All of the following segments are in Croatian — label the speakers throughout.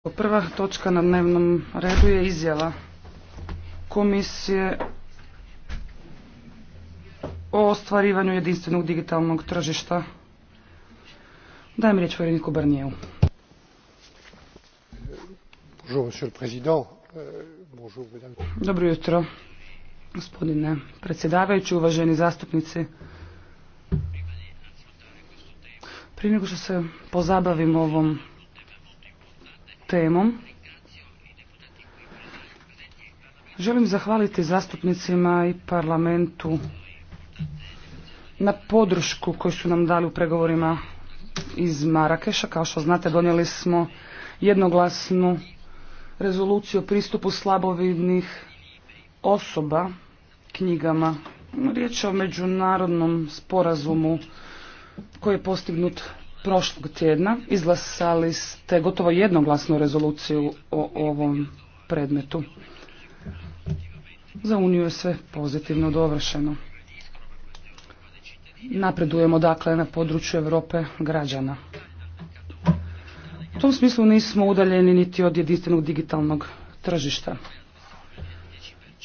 Speaker 1: Prva točka na dnevnom redu je izjava komisije o ostvarivanju jedinstvenog digitalnog tržišta. Dajem riječ Vjereniku Barnijevu.
Speaker 2: Euh,
Speaker 1: Dobro jutro, gospodine predsjedavajući, uvaženi zastupnici. Prije nego što se pozabavim ovom temom. Želim zahvaliti zastupnicima i parlamentu na podršku koju su nam dali u pregovorima iz Marakeša. Kao što znate, donijeli smo jednoglasnu rezoluciju o pristupu slabovidnih osoba knjigama. Riječ je o međunarodnom sporazumu koji je postignut prošlog tjedna izglasali ste gotovo jednoglasnu rezoluciju o ovom predmetu. Za Uniju je sve pozitivno dovršeno. Napredujemo dakle na području Europe građana. U tom smislu nismo udaljeni niti od jedinstvenog digitalnog tržišta.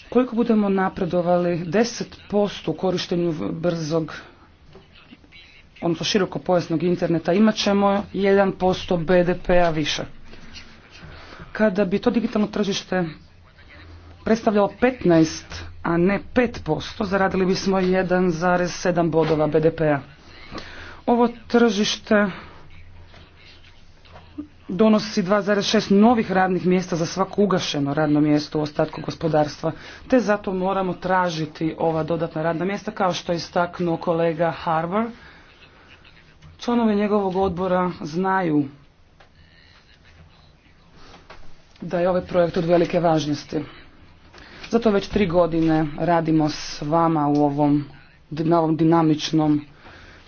Speaker 1: Koliko budemo napredovali 10% u korištenju brzog odnosno široko pojasnog interneta, imat ćemo 1% BDP-a više. Kada bi to digitalno tržište predstavljalo 15, a ne 5%, zaradili bismo 1,7 bodova BDP-a. Ovo tržište donosi 2,6 novih radnih mjesta za svako ugašeno radno mjesto u ostatku gospodarstva, te zato moramo tražiti ova dodatna radna mjesta, kao što je istaknuo kolega Harbour, Članovi njegovog odbora znaju da je ovaj projekt od velike važnosti. Zato već tri godine radimo s vama u ovom, na ovom dinamičnom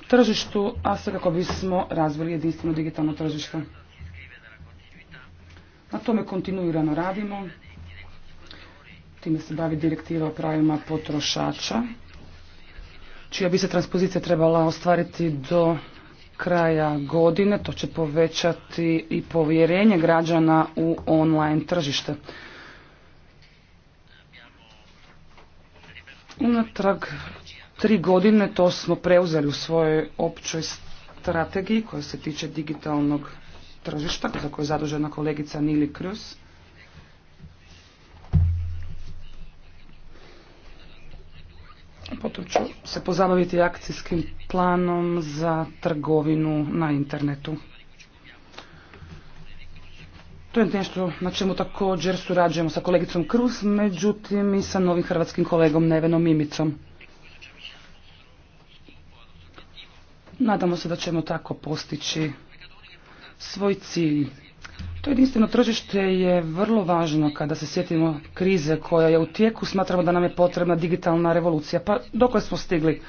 Speaker 1: tržištu, a sve kako bismo razvili jedinstveno digitalno tržište. Na tome kontinuirano radimo. Time se bavi direktiva o pravima potrošača, čija bi se transpozicija trebala ostvariti do kraja godine, to će povećati i povjerenje građana u online tržište. Unatrag tri godine to smo preuzeli u svojoj općoj strategiji koja se tiče digitalnog tržišta, za koju je zadužena kolegica Nili Kruz. Potom ću se pozabaviti akcijskim planom za trgovinu na internetu. To je nešto na čemu također surađujemo sa kolegicom Kruz, međutim i sa novim hrvatskim kolegom Nevenom Mimicom. Nadamo se da ćemo tako postići svoj cilj to jedinstveno tržište je vrlo važno kada se sjetimo krize koja je u tijeku. Smatramo da nam je potrebna digitalna revolucija. Pa dokle smo stigli?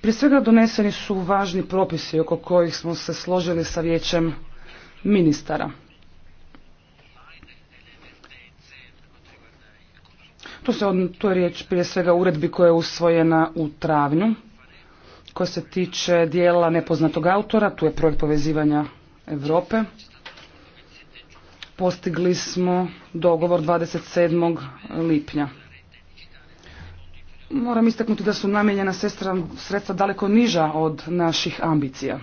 Speaker 1: Prije svega doneseni su važni propisi oko kojih smo se složili sa vijećem ministara. Tu, se, tu je riječ prije svega uredbi koja je usvojena u travnju, koja se tiče dijela nepoznatog autora, tu je projekt povezivanja Europe postigli smo dogovor 27. lipnja. Moram istaknuti da su namijenjena sredstva daleko niža od naših ambicija.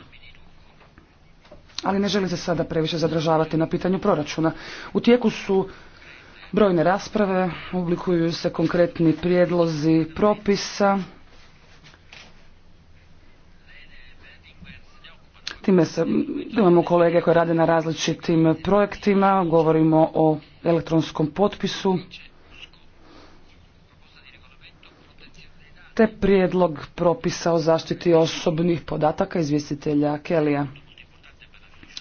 Speaker 1: Ali ne želim se sada previše zadržavati na pitanju proračuna. U tijeku su brojne rasprave, oblikuju se konkretni prijedlozi propisa Time se, imamo kolege koje rade na različitim projektima, govorimo o elektronskom potpisu, te prijedlog propisa o zaštiti osobnih podataka izvjestitelja Kelija.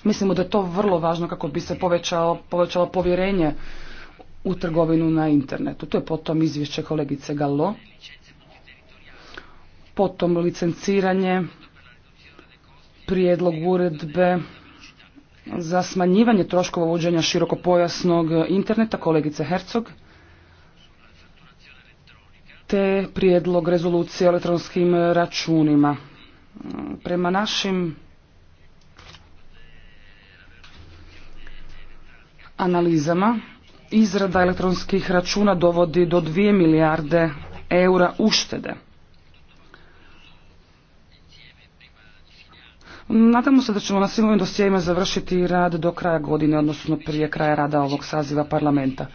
Speaker 1: Mislimo da je to vrlo važno kako bi se povećalo, povećalo povjerenje u trgovinu na internetu. To je potom izvješće kolegice Gallo, potom licenciranje prijedlog uredbe za smanjivanje troškova uvođenja širokopojasnog interneta kolegice Hercog te prijedlog rezolucije o elektronskim računima. Prema našim analizama izrada elektronskih računa dovodi do 2 milijarde eura uštede. Nadamo se da ćemo na svim ovim dosijajima završiti rad do kraja godine, odnosno prije kraja rada ovog saziva parlamenta.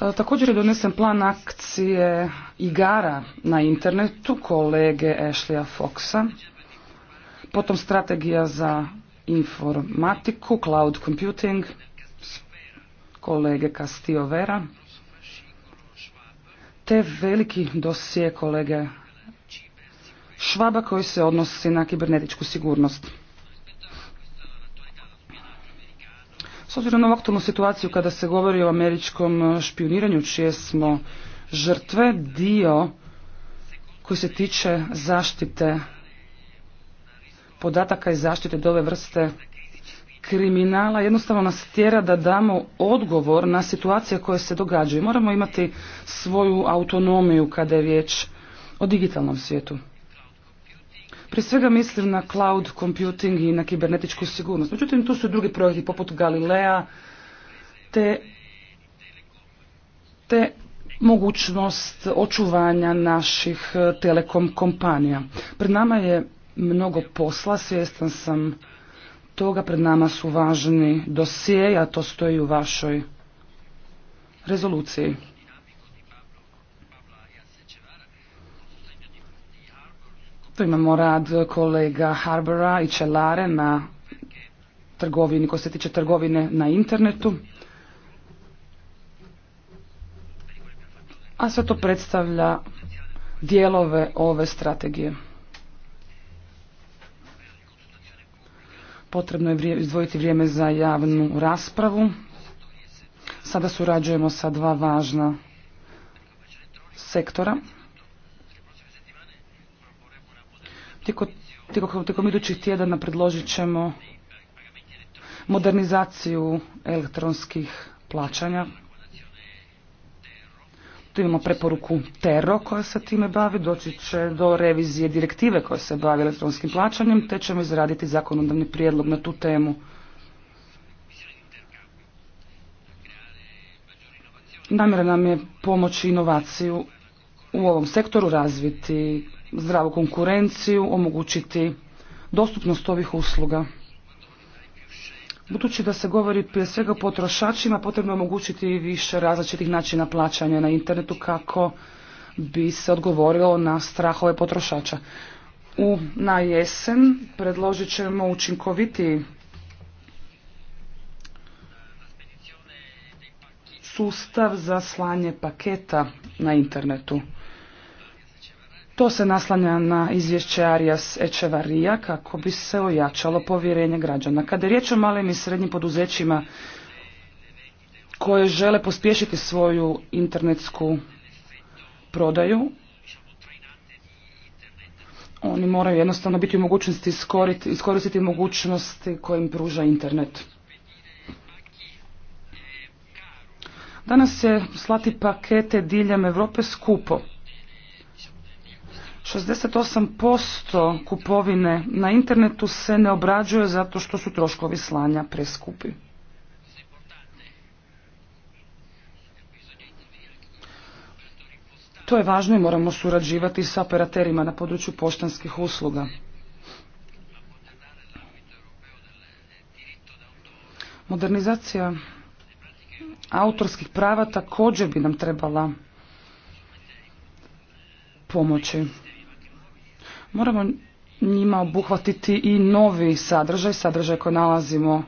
Speaker 1: E, također je donesen plan akcije igara na internetu kolege Ashleya Foxa, potom strategija za informatiku, cloud computing, kolege Castillo Vera, te veliki dosije kolege Švaba koji se odnosi na kibernetičku sigurnost. S obzirom na aktualnu situaciju kada se govori o američkom špioniranju čije smo žrtve, dio koji se tiče zaštite podataka i zaštite dove ove vrste kriminala jednostavno nas tjera da damo odgovor na situacije koje se događaju. Moramo imati svoju autonomiju kada je riječ o digitalnom svijetu. Prije svega mislim na cloud computing i na kibernetičku sigurnost. Međutim, tu su i drugi projekti poput Galilea, te, te mogućnost očuvanja naših e, telekom kompanija. Pred nama je mnogo posla, svjestan sam toga, pred nama su važni dosije, a to stoji u vašoj rezoluciji. imamo rad kolega Harbora i Čelare na trgovini, ko se tiče trgovine na internetu. A sve to predstavlja dijelove ove strategije. Potrebno je izdvojiti vrijeme za javnu raspravu. Sada surađujemo sa dva važna sektora. Tijekom idućih tjedana predložit ćemo modernizaciju elektronskih plaćanja. Tu imamo preporuku TERO koja se time bavi, doći će do revizije direktive koja se bavi elektronskim plaćanjem, te ćemo izraditi zakonodavni prijedlog na tu temu. Namjera nam je pomoći inovaciju u ovom sektoru razviti zdravu konkurenciju, omogućiti dostupnost ovih usluga. Budući da se govori prije svega o potrošačima, potrebno je omogućiti više različitih načina plaćanja na internetu kako bi se odgovorilo na strahove potrošača. U, na jesen predložit ćemo učinkoviti sustav za slanje paketa na internetu. To se naslanja na izvješće Arias Echevarija kako bi se ojačalo povjerenje građana. Kada je riječ o malim i srednjim poduzećima koje žele pospješiti svoju internetsku prodaju, oni moraju jednostavno biti u mogućnosti iskoristiti mogućnosti koje im pruža internet. Danas je slati pakete diljem Europe skupo. 68% kupovine na internetu se ne obrađuje zato što su troškovi slanja preskupi. To je važno i moramo surađivati sa operaterima na području poštanskih usluga. Modernizacija autorskih prava također bi nam trebala pomoći. Moramo njima obuhvatiti i novi sadržaj, sadržaj koji nalazimo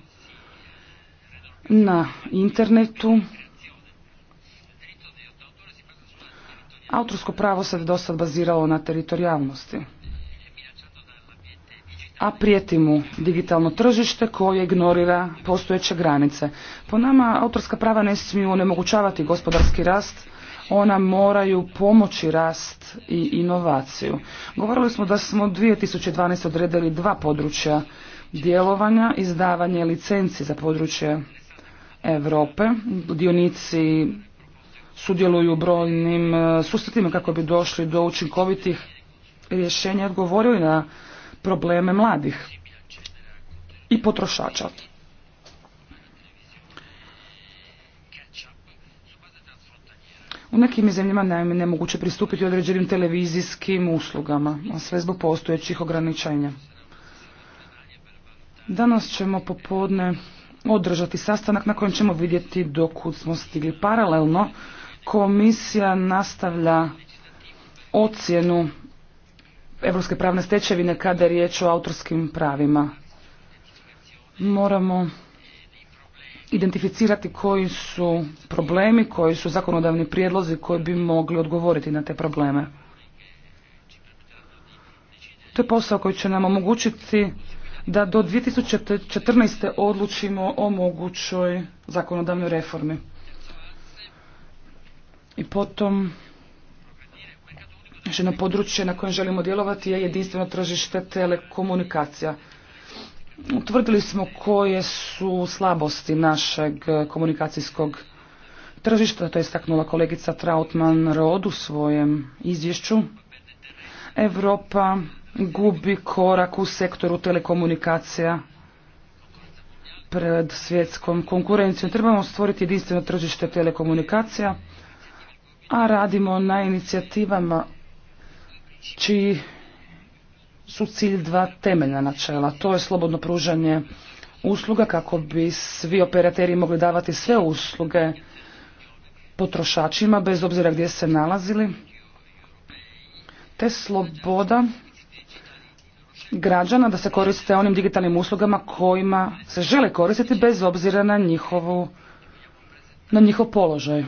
Speaker 1: na internetu. Autorsko pravo se do sad baziralo na teritorijalnosti, a prijeti mu digitalno tržište koje ignorira postojeće granice. Po nama autorska prava ne smiju onemogućavati gospodarski rast ona moraju pomoći rast i inovaciju. Govorili smo da smo 2012. odredili dva područja djelovanja, izdavanje licenci za područje Europe. Dionici sudjeluju brojnim e, sustavima kako bi došli do učinkovitih rješenja odgovorili na probleme mladih i potrošača. U nekim je zemljama nemoguće pristupiti određenim televizijskim uslugama, a sve zbog postojećih ograničenja. Danas ćemo popodne održati sastanak na kojem ćemo vidjeti dokud smo stigli. Paralelno komisija nastavlja ocjenu evropske pravne stečevine kada je riječ o autorskim pravima. Moramo identificirati koji su problemi, koji su zakonodavni prijedlozi koji bi mogli odgovoriti na te probleme. To je posao koji će nam omogućiti da do 2014. odlučimo o mogućoj zakonodavnoj reformi. I potom, još jedno područje na kojem želimo djelovati je jedinstveno tržište telekomunikacija. Utvrdili smo koje su slabosti našeg komunikacijskog tržišta, to je istaknula kolegica Trautman Rod u svojem izvješću. Europa gubi korak u sektoru telekomunikacija pred svjetskom konkurencijom. Trebamo stvoriti jedinstveno tržište telekomunikacija, a radimo na inicijativama čiji su cilj dva temeljna načela. To je slobodno pružanje usluga kako bi svi operateri mogli davati sve usluge potrošačima bez obzira gdje se nalazili. Te sloboda građana da se koriste onim digitalnim uslugama kojima se žele koristiti bez obzira na njihovu na njihov položaj.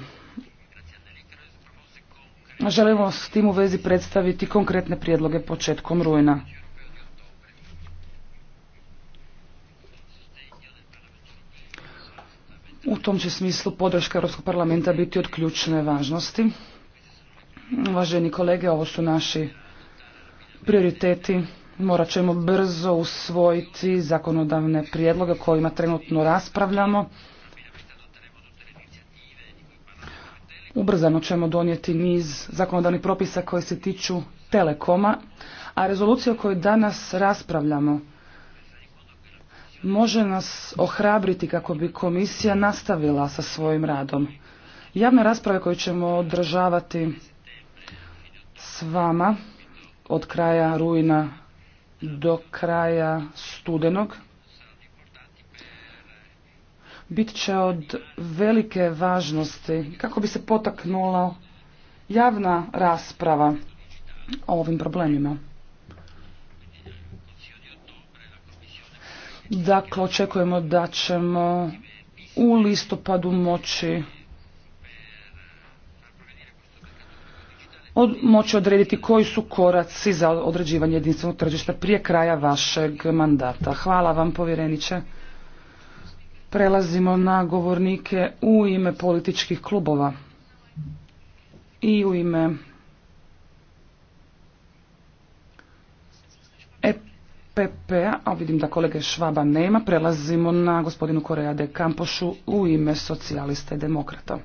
Speaker 1: Želimo s tim u vezi predstaviti konkretne prijedloge početkom rujna. U tom će smislu podrška Europskog parlamenta biti od ključne važnosti. Uvaženi kolege, ovo su naši prioriteti. Morat ćemo brzo usvojiti zakonodavne prijedloge kojima trenutno raspravljamo. Ubrzano ćemo donijeti niz zakonodavnih propisa koje se tiču telekoma, a rezolucija o kojoj danas raspravljamo može nas ohrabriti kako bi komisija nastavila sa svojim radom. Javne rasprave koje ćemo održavati s vama od kraja rujna do kraja studenog bit će od velike važnosti kako bi se potaknula javna rasprava o ovim problemima. Dakle, očekujemo da ćemo u listopadu moći moći odrediti koji su koraci za određivanje jedinstvenog tržišta prije kraja vašeg mandata. Hvala vam povjereniče. Prelazimo na govornike u ime političkih klubova i u ime EPP-a, a vidim da kolege Švaba nema, prelazimo na gospodinu Koreja de Kampošu u ime socijalista i demokrata.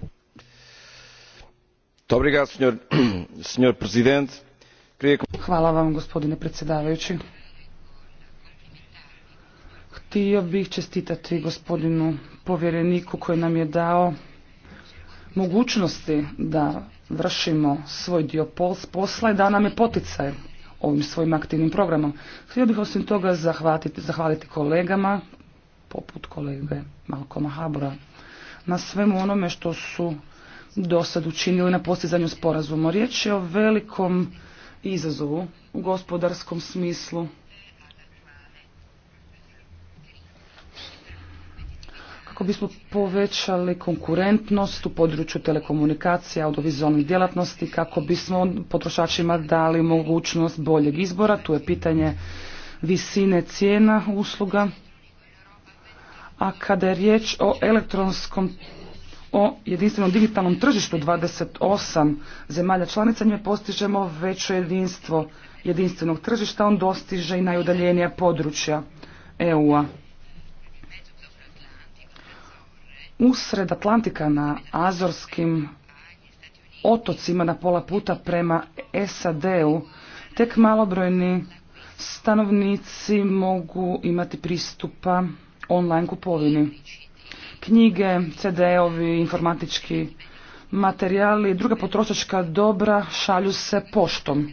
Speaker 1: Hvala vam gospodine predsjedavajući. Htio bih čestitati gospodinu povjereniku koji nam je dao mogućnosti da vršimo svoj dio posla i da nam je poticaj ovim svojim aktivnim programom. Htio bih osim toga zahvaliti kolegama, poput kolege Malkoma Habora na svemu onome što su do sad učinili na postizanju sporazuma. Riječ je o velikom izazovu u gospodarskom smislu, kako bismo povećali konkurentnost u području telekomunikacija, audiovizualnih djelatnosti, kako bismo potrošačima dali mogućnost boljeg izbora. Tu je pitanje visine cijena usluga. A kada je riječ o elektronskom o jedinstvenom digitalnom tržištu 28 zemalja članica njime postižemo veće jedinstvo jedinstvenog tržišta, on dostiže i najudaljenija područja EU-a. usred Atlantika na Azorskim otocima na pola puta prema SAD-u, tek malobrojni stanovnici mogu imati pristupa online kupovini. Knjige, CD-ovi, informatički materijali i druga potrošačka dobra šalju se poštom.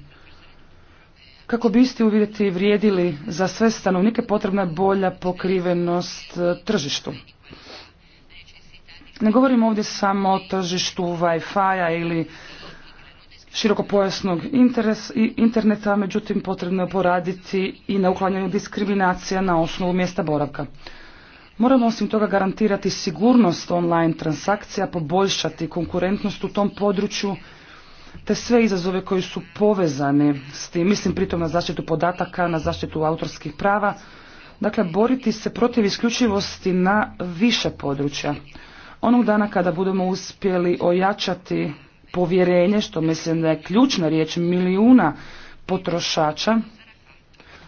Speaker 1: Kako bi isti uvjeti vrijedili za sve stanovnike potrebna je bolja pokrivenost tržištu. Ne govorim ovdje samo o tržištu Wi-Fi-a ili širokopojasnog interneta, međutim potrebno je poraditi i na uklanjanju diskriminacija na osnovu mjesta boravka. Moramo osim toga garantirati sigurnost online transakcija, poboljšati konkurentnost u tom području, te sve izazove koji su povezani s tim, mislim pritom na zaštitu podataka, na zaštitu autorskih prava, dakle boriti se protiv isključivosti na više područja. Onog dana kada budemo uspjeli ojačati povjerenje, što mislim da je ključna riječ milijuna potrošača,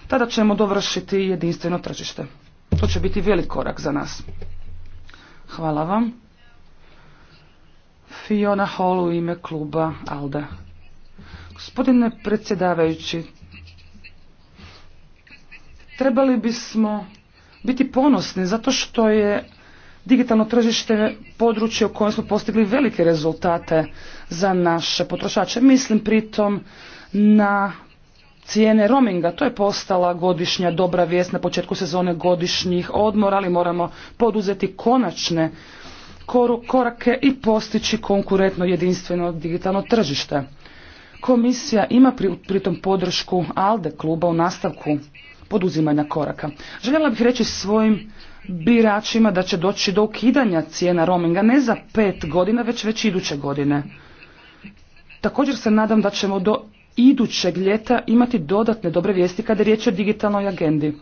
Speaker 1: tada ćemo dovršiti jedinstveno tržište. To će biti velik korak za nas. Hvala vam. Fiona Hall u ime kluba Alda. Gospodine predsjedavajući, trebali bismo biti ponosni zato što je Digitalno tržište je područje u kojem smo postigli velike rezultate za naše potrošače. Mislim pritom na cijene roaminga. To je postala godišnja dobra vijest na početku sezone godišnjih odmora, ali moramo poduzeti konačne korake i postići konkurentno jedinstveno digitalno tržište. Komisija ima pritom podršku ALDE kluba u nastavku poduzimanja koraka. Željela bih reći svojim biračima da će doći do ukidanja cijena roaminga ne za pet godina, već već iduće godine. Također se nadam da ćemo do idućeg ljeta imati dodatne dobre vijesti kada je riječ o digitalnoj agendi.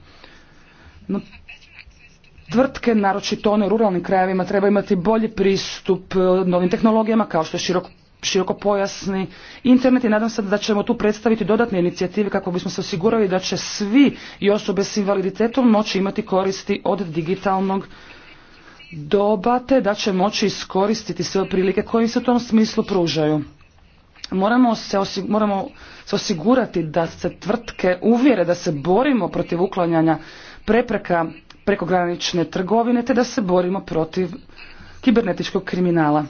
Speaker 1: tvrtke, naročito one u ruralnim krajevima, treba imati bolji pristup novim tehnologijama kao što je širok pojasni internet i nadam se da ćemo tu predstaviti dodatne inicijative kako bismo se osigurali da će svi i osobe s invaliditetom moći imati koristi od digitalnog doba te da će moći iskoristiti sve prilike koje se u tom smislu pružaju. Moramo se, moramo se osigurati da se tvrtke uvjere da se borimo protiv uklanjanja prepreka prekogranične trgovine te da se borimo protiv kibernetičkog kriminala.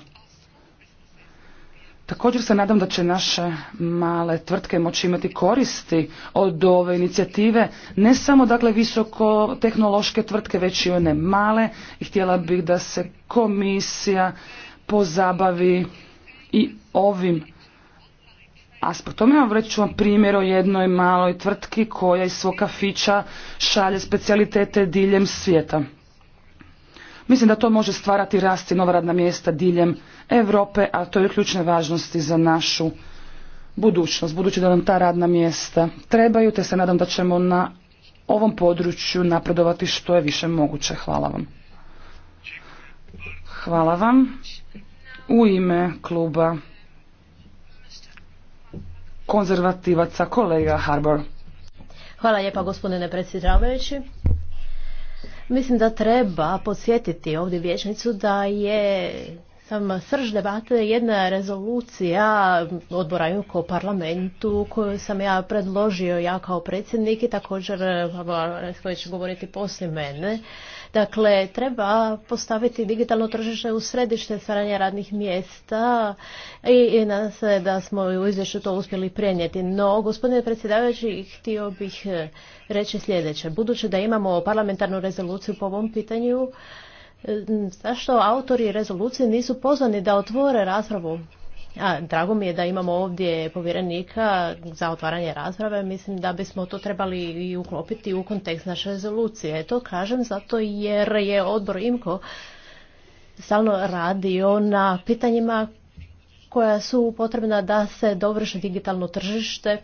Speaker 1: Također se nadam da će naše male tvrtke moći imati koristi od ove inicijative, ne samo dakle visoko tehnološke tvrtke, već i one male i htjela bih da se komisija pozabavi i ovim aspektom. Ja vam reći ću vam primjer o jednoj maloj tvrtki koja iz svog kafića šalje specialitete diljem svijeta. Mislim da to može stvarati rast i nova radna mjesta diljem Europe, a to je ključne važnosti za našu budućnost, budući da nam ta radna mjesta trebaju, te se nadam da ćemo na ovom području napredovati što je više moguće. Hvala vam. Hvala vam. U ime kluba konzervativaca kolega Harbor.
Speaker 3: Hvala lijepa gospodine predsjedavajući. Mislim da treba podsjetiti ovdje vječnicu da je sam srž debate jedna rezolucija odbora Junko u parlamentu koju sam ja predložio ja kao predsjednik i također govoriti poslije mene. Dakle, treba postaviti digitalno tržište u središte stvaranja radnih mjesta i, i nadam se da smo u izvješću to uspjeli prenijeti. No, gospodine predsjedavajući, htio bih e, reći sljedeće. Budući da imamo parlamentarnu rezoluciju po ovom pitanju, e, zašto autori rezolucije nisu pozvani da otvore raspravu a, drago mi je da imamo ovdje povjerenika za otvaranje rasprave. Mislim da bismo to trebali i uklopiti u kontekst naše rezolucije. To kažem zato jer je odbor IMKO stalno radio na pitanjima koja su potrebna da se dovrši digitalno tržište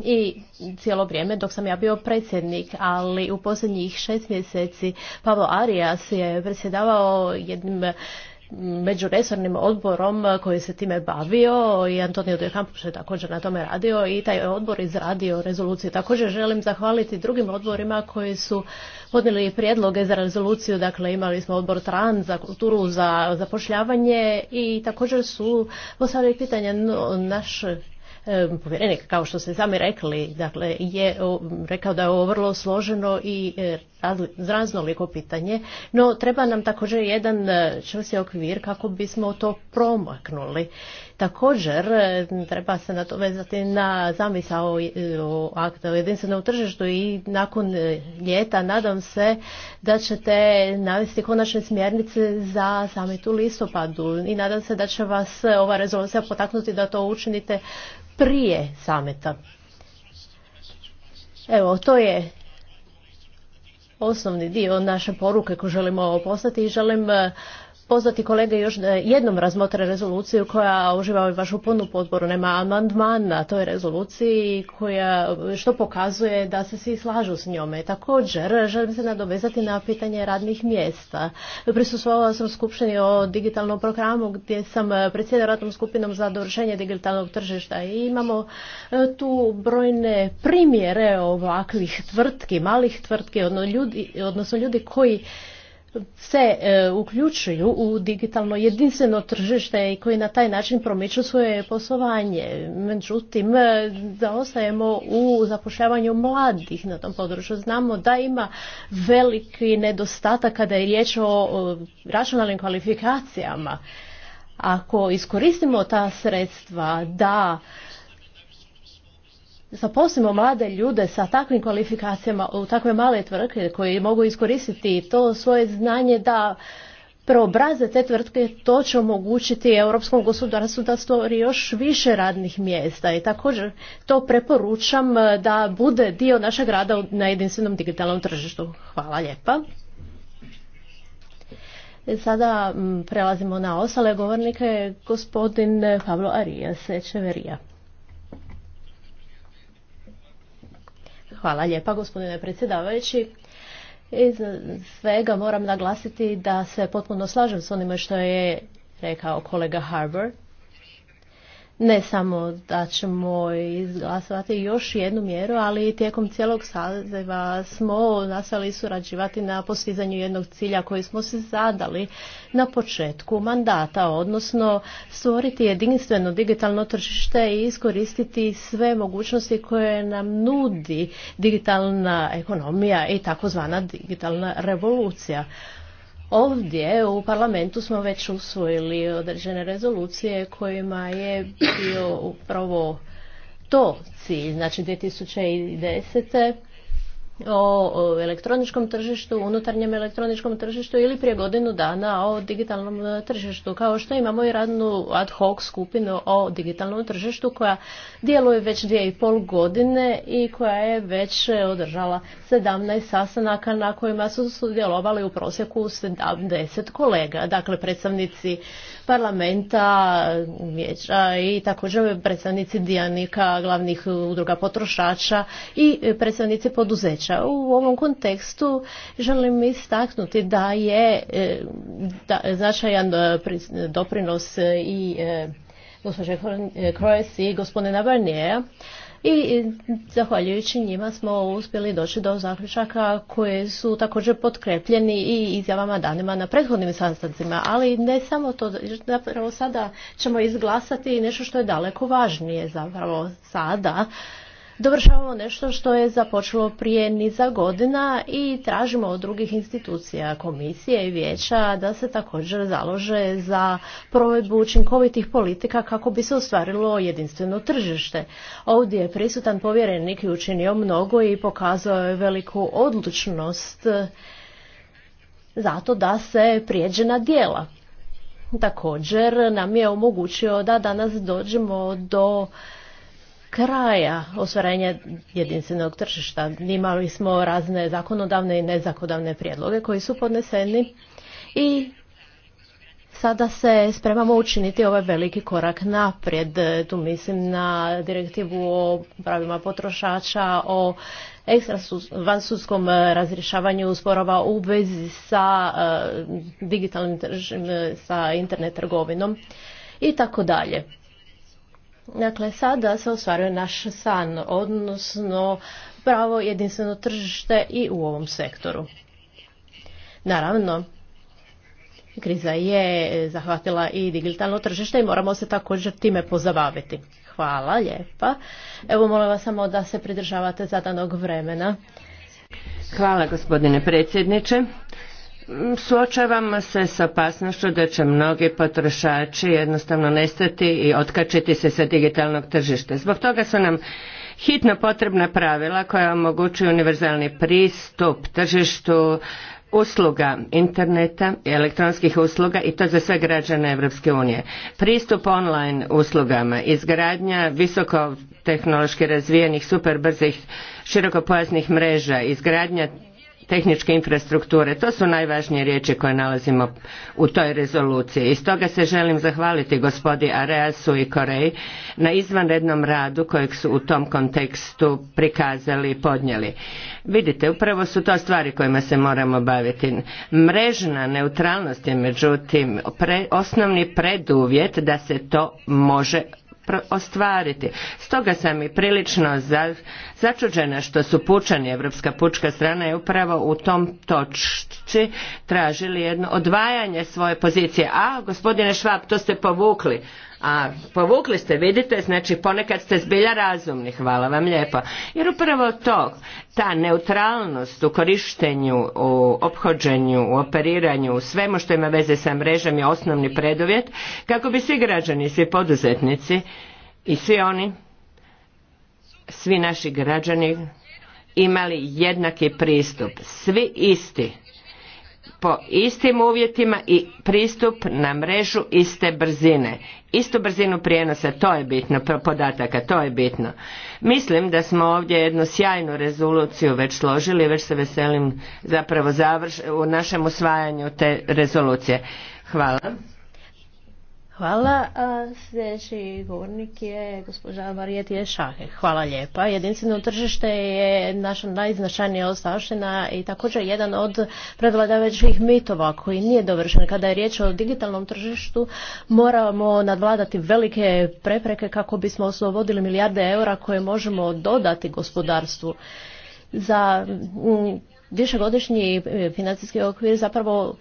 Speaker 3: i cijelo vrijeme dok sam ja bio predsjednik, ali u posljednjih šest mjeseci Pavlo Arias je predsjedavao jednim međuresornim odborom e, koji se time bavio i Antonio de Campos je također na tome radio i taj odbor izradio rezoluciju. Također želim zahvaliti drugim odborima koji su podnijeli prijedloge za rezoluciju, dakle imali smo odbor Trans za kulturu, za zapošljavanje i također su postavili pitanje naš povjerenik, kao što ste sami rekli, dakle, je rekao da je ovo vrlo složeno i e, raznoliko pitanje, no treba nam također jedan e, čvrsti okvir kako bismo to promaknuli. Također e, treba se na to vezati na zamisao o akta o jedinstvenom tržištu i nakon ljeta nadam se da ćete navesti konačne smjernice za samitu u listopadu i nadam se da će vas ova rezolucija potaknuti da to učinite prije sameta. Evo, to je osnovni dio naše poruke koju želimo poslati i želim eh, pozvati kolege još jednom razmotre rezoluciju koja uživa vašu punu potporu. Nema amandman na toj rezoluciji koja, što pokazuje da se svi slažu s njome. Također, želim se nadovezati na pitanje radnih mjesta. Prisustvovala sam skupštini o digitalnom programu gdje sam predsjedala radnom skupinom za dovršenje digitalnog tržišta i imamo e, tu brojne primjere ovakvih tvrtki, malih tvrtki, odnosno ljudi koji se e, uključuju u digitalno jedinstveno tržište i koji na taj način promiču svoje poslovanje. Međutim, e, zaostajemo u zapošljavanju mladih na tom području. Znamo da ima veliki nedostatak kada je riječ o, o računalnim kvalifikacijama. Ako iskoristimo ta sredstva da zaposlimo mlade ljude sa takvim kvalifikacijama u takve male tvrtke koji mogu iskoristiti to svoje znanje da preobraze te tvrtke, to će omogućiti europskom gospodarstvu da stvori još više radnih mjesta i također to preporučam e, da bude dio našeg rada na jedinstvenom digitalnom tržištu. Hvala lijepa. E, sada prelazimo na ostale govornike, gospodin Pablo Arias čeverija. Hvala lijepa gospodine predsjedavajući. Iz svega moram naglasiti da se potpuno slažem s onime što je rekao kolega Harbour ne samo da ćemo izglasovati još jednu mjeru, ali tijekom cijelog saziva smo nastali surađivati na postizanju jednog cilja koji smo se zadali na početku mandata, odnosno stvoriti jedinstveno digitalno tržište i iskoristiti sve mogućnosti koje nam nudi digitalna ekonomija i takozvana digitalna revolucija. Ovdje u parlamentu smo već usvojili određene rezolucije kojima je bio upravo to cilj, znači 2010 o elektroničkom tržištu, unutarnjem elektroničkom tržištu ili prije godinu dana o digitalnom e, tržištu, kao što imamo i radnu ad hoc skupinu o digitalnom tržištu koja djeluje već dvije i pol godine i koja je već e, održala 17 sastanaka na kojima su sudjelovali u prosjeku 70 kolega, dakle predstavnici parlamenta, vijeća i također predstavnici dijanika, glavnih udruga potrošača i e, predstavnici poduzeća u ovom kontekstu želim istaknuti da je e, značajan e, doprinos i e, gospođe Kroes i gospodina Barniera i zahvaljujući njima smo uspjeli doći do zaključaka koje su također potkrepljeni i izjavama danima na prethodnim sastancima, ali ne samo to, zapravo sada ćemo izglasati nešto što je daleko važnije zapravo sada dovršavamo nešto što je započelo prije niza godina i tražimo od drugih institucija, komisije i vijeća da se također založe za provedbu učinkovitih politika kako bi se ostvarilo jedinstveno tržište. Ovdje je prisutan povjerenik i učinio mnogo i pokazao je veliku odlučnost zato da se prijeđe na dijela. Također nam je omogućio da danas dođemo do kraja osvaranja jedinstvenog tržišta. Imali smo razne zakonodavne i nezakonodavne prijedloge koji su podneseni i sada se spremamo učiniti ovaj veliki korak naprijed. Tu mislim na direktivu o pravima potrošača, o ekstra vansudskom razrješavanju sporova u vezi sa e, digitalnim tržištem, sa internet trgovinom i tako dalje. Dakle, sada se ostvaruje naš san, odnosno pravo jedinstveno tržište i u ovom sektoru. Naravno, kriza je zahvatila i digitalno tržište i moramo se također time pozabaviti. Hvala lijepa. Evo molim vas samo da se pridržavate zadanog vremena.
Speaker 2: Hvala gospodine predsjedniče. Mm, Suočavamo se s opasnošću da će mnogi potrošači jednostavno nestati i otkačiti se sa digitalnog tržišta. Zbog toga su nam hitno potrebna pravila koja omogućuju univerzalni pristup tržištu usluga interneta i elektronskih usluga i to za sve građane Europske unije. Pristup online uslugama, izgradnja visoko tehnološki razvijenih superbrzih širokopojasnih mreža, izgradnja tehničke infrastrukture. To su najvažnije riječi koje nalazimo u toj rezoluciji. I stoga se želim zahvaliti gospodi Areasu i Koreji na izvanrednom radu kojeg su u tom kontekstu prikazali i podnijeli. Vidite, upravo su to stvari kojima se moramo baviti. Mrežna neutralnost je međutim osnovni preduvjet da se to može ostvariti. Stoga sam i prilično začuđena što su pučani, Evropska pučka strana je upravo u tom točci tražili jedno odvajanje svoje pozicije. A, gospodine Švab, to ste povukli. A povukli ste, vidite, znači ponekad ste zbilja razumni, hvala vam lijepo. Jer upravo to, ta neutralnost u korištenju, u obhođenju, u operiranju, u svemu što ima veze sa mrežom je osnovni preduvjet kako bi svi građani, svi poduzetnici i svi oni, svi naši građani imali jednaki pristup, svi isti po istim uvjetima i pristup na mrežu iste brzine. Istu brzinu prijenosa, to je bitno, podataka, to je bitno. Mislim da smo ovdje jednu sjajnu rezoluciju već složili, već se veselim zapravo u našem usvajanju te rezolucije. Hvala.
Speaker 3: Hvala. Sljedeći govornik je gospođa Marija Tiješake. Hvala lijepa. Jedinstveno tržište je naša najznačajnija ostavština i također jedan od prevladavajućih mitova koji nije dovršen. Kada je riječ o digitalnom tržištu moramo nadvladati velike prepreke kako bismo oslobodili milijarde eura koje možemo dodati gospodarstvu za višegodišnji e, financijski okvir zapravo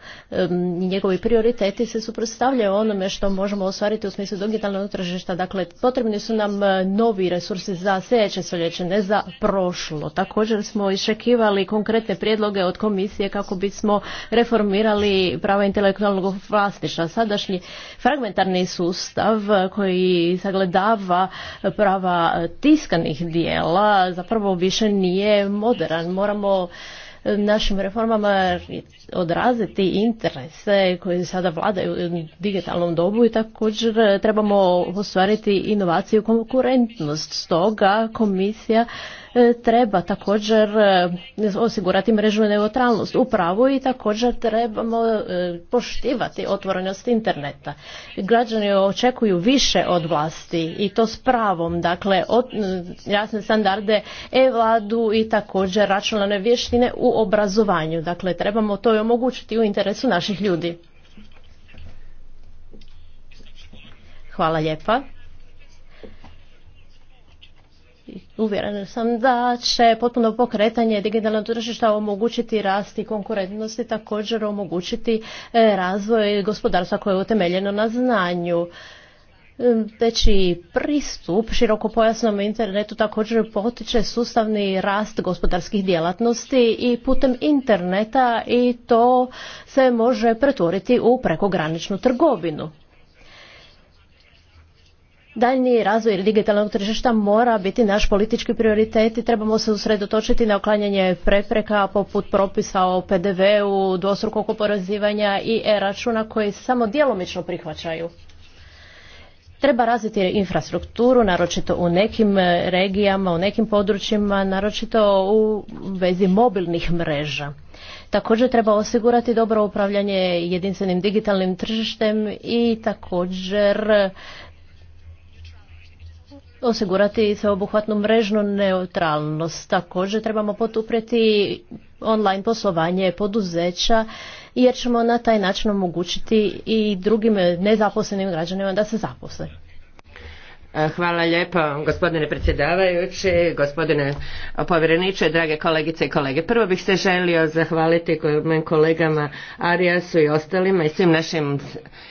Speaker 3: njegovi prioriteti se suprotstavljaju onome što možemo ostvariti u smislu digitalnog tržišta. Dakle, potrebni su nam e, novi resursi za sljedeće stoljeće, ne za prošlo. Također smo iščekivali konkretne prijedloge od komisije kako bismo reformirali prava intelektualnog vlasništva. Sadašnji fragmentarni sustav koji sagledava prava tiskanih dijela zapravo više nije moderan. Moramo našim reformama odraziti interese koji sada vladaju u digitalnom dobu i također trebamo ostvariti inovaciju i konkurentnost. Stoga komisija E, treba također e, osigurati mrežnu neutralnost u pravu i također trebamo e, poštivati otvorenost interneta. Građani očekuju više od vlasti i to s pravom, dakle jasne standarde e-vladu i također računalne vještine u obrazovanju. Dakle, trebamo to i omogućiti u interesu naših ljudi. Hvala lijepa uvjerena sam da će potpuno pokretanje digitalnog tržišta omogućiti rast i konkurentnost i također omogućiti e, razvoj gospodarstva koje je utemeljeno na znanju. Teći e, pristup pojasnom internetu također potiče sustavni rast gospodarskih djelatnosti i putem interneta i to se može pretvoriti u prekograničnu trgovinu. Daljni razvoj digitalnog tržišta mora biti naš politički prioritet i trebamo se usredotočiti na oklanjanje prepreka poput propisa o PDV-u, dvostrukog oporezivanja i e-računa koji samo djelomično prihvaćaju. Treba razviti infrastrukturu, naročito u nekim regijama, u nekim područjima, naročito u vezi mobilnih mreža. Također treba osigurati dobro upravljanje jedinstvenim digitalnim tržištem i također osigurati sveobuhvatnu mrežnu neutralnost. Također trebamo potupreti online poslovanje poduzeća jer ćemo na taj način omogućiti i drugim nezaposlenim građanima da se zaposle.
Speaker 2: E, hvala lijepo gospodine predsjedavajući, gospodine povjereniče, drage kolegice i kolege. Prvo bih se želio zahvaliti mojim kolegama Ariasu i ostalima i svim našim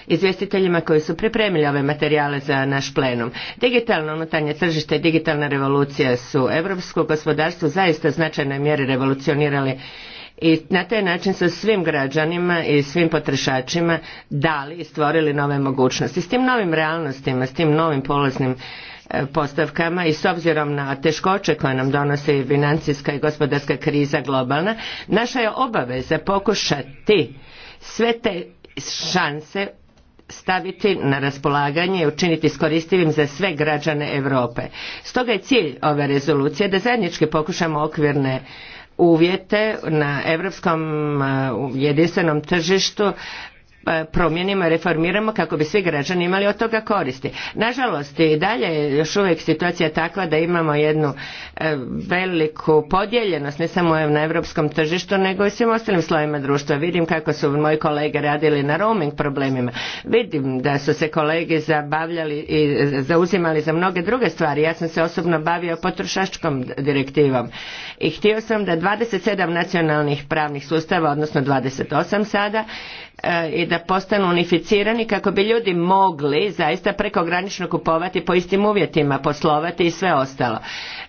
Speaker 2: izvjestiteljima koji su pripremili ove materijale za naš plenum. Digitalno unutarnje tržište i digitalna revolucija su europsko gospodarstvo zaista značajnoj mjeri revolucionirali i na taj način su svim građanima i svim potrošačima dali i stvorili nove mogućnosti. S tim novim realnostima, s tim novim polaznim e, postavkama i s obzirom na teškoće koje nam donosi financijska i gospodarska kriza globalna, naša je obaveza pokušati sve te šanse staviti na raspolaganje i učiniti iskoristivim za sve građane Europe. Stoga je cilj ove rezolucije da zajednički pokušamo okvirne uvjete na europskom eh, jedinstvenom tržištu E, promjenimo i reformiramo kako bi svi građani imali od toga koristi. Nažalost i dalje je još uvijek situacija takva da imamo jednu e, veliku podijeljenost ne samo na europskom tržištu nego i svim ostalim slojima društva. Vidim kako su moji kolege radili na roaming problemima. Vidim da su se kolege zabavljali i zauzimali za mnoge druge stvari. Ja sam se osobno bavio potrošačkom direktivom i htio sam da 27 nacionalnih pravnih sustava, odnosno 28 sada, i da postanu unificirani kako bi ljudi mogli zaista prekogranično kupovati po istim uvjetima, poslovati i sve ostalo.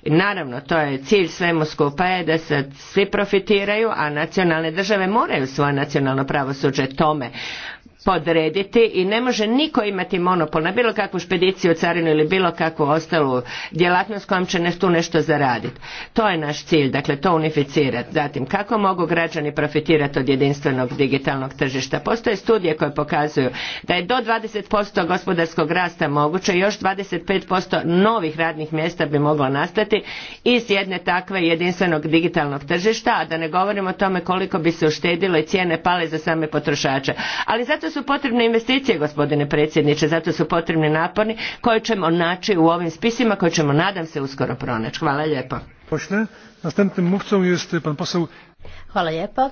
Speaker 2: Naravno, to je cilj svemu skupa je da se svi profitiraju, a nacionalne države moraju svoje nacionalno pravosuđe tome podrediti i ne može niko imati monopol na bilo kakvu špediciju, carinu ili bilo kakvu ostalu djelatnost kojom će tu nešto zaraditi. To je naš cilj, dakle to unificirati. Zatim, kako mogu građani profitirati od jedinstvenog digitalnog tržišta? Postoje studije koje pokazuju da je do 20% gospodarskog rasta moguće, još 25% novih radnih mjesta bi moglo nastati iz jedne takve jedinstvenog digitalnog tržišta, a da ne govorimo o tome koliko bi se uštedilo i cijene pale za same potrošače. Ali zato su potrebne investicije gospodine predsjedniče, zato su potrebni napori koje ćemo naći u ovim spisima koje ćemo nadam se uskoro pronaći. Hvala lijepo. Hvala lijepa.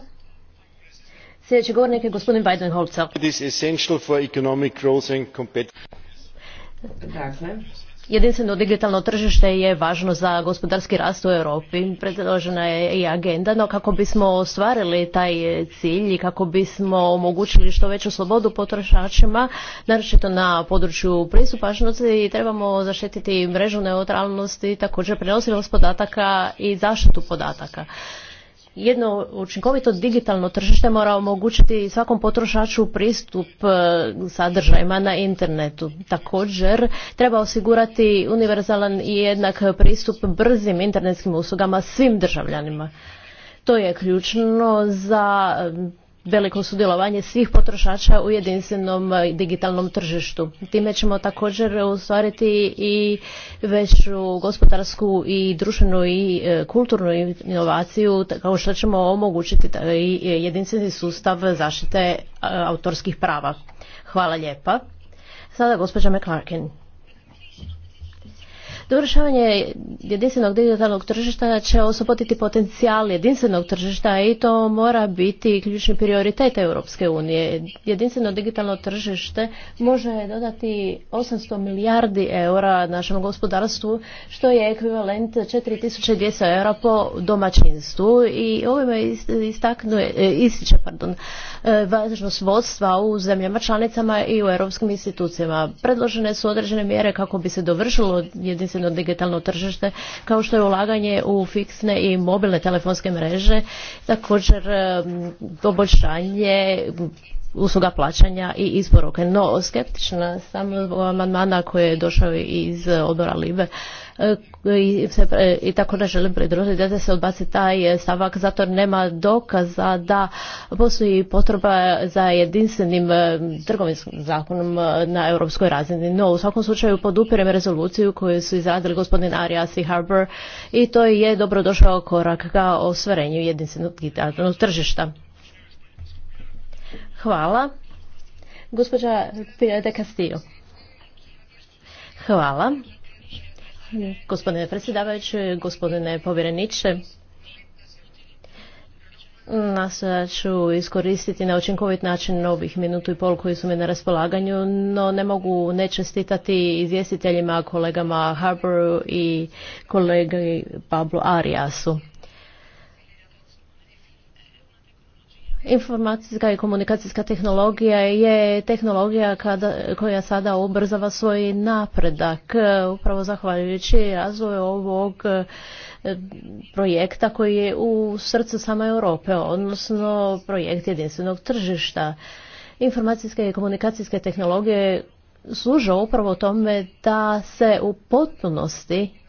Speaker 3: Sljedeći govornik je gospodin Biden Jedinstveno digitalno tržište je važno za gospodarski rast u Europi. Predložena je i agenda, no kako bismo ostvarili taj cilj i kako bismo omogućili što veću slobodu potrošačima, naročito na području pristupačnosti, trebamo zaštititi mrežu neutralnosti, također prenosivost podataka i zaštitu podataka jedno učinkovito digitalno tržište mora omogućiti svakom potrošaču pristup e, sadržajima na internetu. Također treba osigurati univerzalan i jednak pristup brzim internetskim uslugama svim državljanima. To je ključno za veliko sudjelovanje svih potrošača u jedinstvenom e, digitalnom tržištu. Time ćemo također ostvariti i veću gospodarsku i društvenu i e, kulturnu inovaciju kao što ćemo omogućiti i e, jedinstveni sustav zaštite autorskih prava. Hvala lijepa. Sada gospođa McClarkin. Dovršavanje jedinstvenog digitalnog tržišta će osopotiti potencijal jedinstvenog tržišta i to mora biti ključni prioritet Europske unije. Jedinstveno digitalno tržište može dodati 800 milijardi eura našem gospodarstvu, što je ekvivalent 4200 eura po domaćinstvu i ovime istaknuje, e, ističe pardon, e, važnost vodstva u zemljama članicama i u europskim institucijama. Predložene su određene mjere kako bi se dovršilo jedinstveno jedinstveno digitalno tržište kao što je ulaganje u fiksne i mobilne telefonske mreže, također poboljšanje usluga plaćanja i isporuke. No, skeptična sam amandmana koji je došao iz odbora Libe e, i, se, i tako ne želim pridružiti da se odbaci taj stavak zato nema dokaza da postoji potreba za jedinstvenim e, trgovinskim zakonom e, na europskoj razini. No, u svakom slučaju podupirem rezoluciju koju su izradili gospodin Arias i Harbour i to je dobrodošao korak ka osvarenju jedinstvenog digitalnog tržišta. Hvala. Gospođa de Castillo. Hvala. Gospodine predsjedavajući, gospodine povjereniče, Nastojat ću iskoristiti na učinkovit način novih minutu i pol koji su mi na raspolaganju, no ne mogu ne čestitati izvjestiteljima, kolegama Harboru i kolegi Pablo Ariasu. Informacijska i komunikacijska tehnologija je tehnologija koja sada ubrzava svoj napredak, upravo zahvaljujući razvoju ovog e, projekta koji je u srcu same Europe, odnosno projekt jedinstvenog tržišta. Informacijske i komunikacijske tehnologije služe upravo tome da se u potpunosti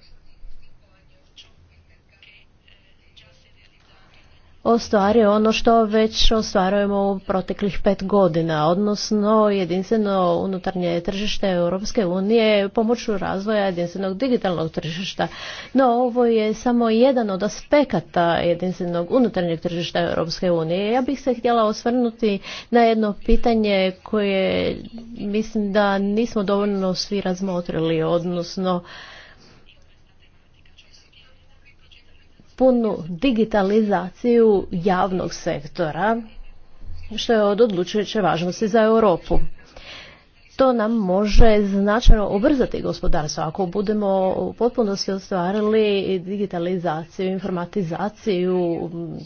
Speaker 3: ostvario ono što već ostvarujemo u proteklih pet godina, odnosno jedinstveno unutarnje tržište Europske unije pomoću razvoja jedinstvenog digitalnog tržišta. No, ovo je samo jedan od aspekata jedinstvenog unutarnjeg tržišta Europske unije. Ja bih se htjela osvrnuti na jedno pitanje koje mislim da nismo dovoljno svi razmotrili, odnosno potpunu digitalizaciju javnog sektora, što je od odlučujuće važnosti za Europu. To nam može značajno obrzati gospodarstvo ako budemo u potpunosti ostvarili digitalizaciju, informatizaciju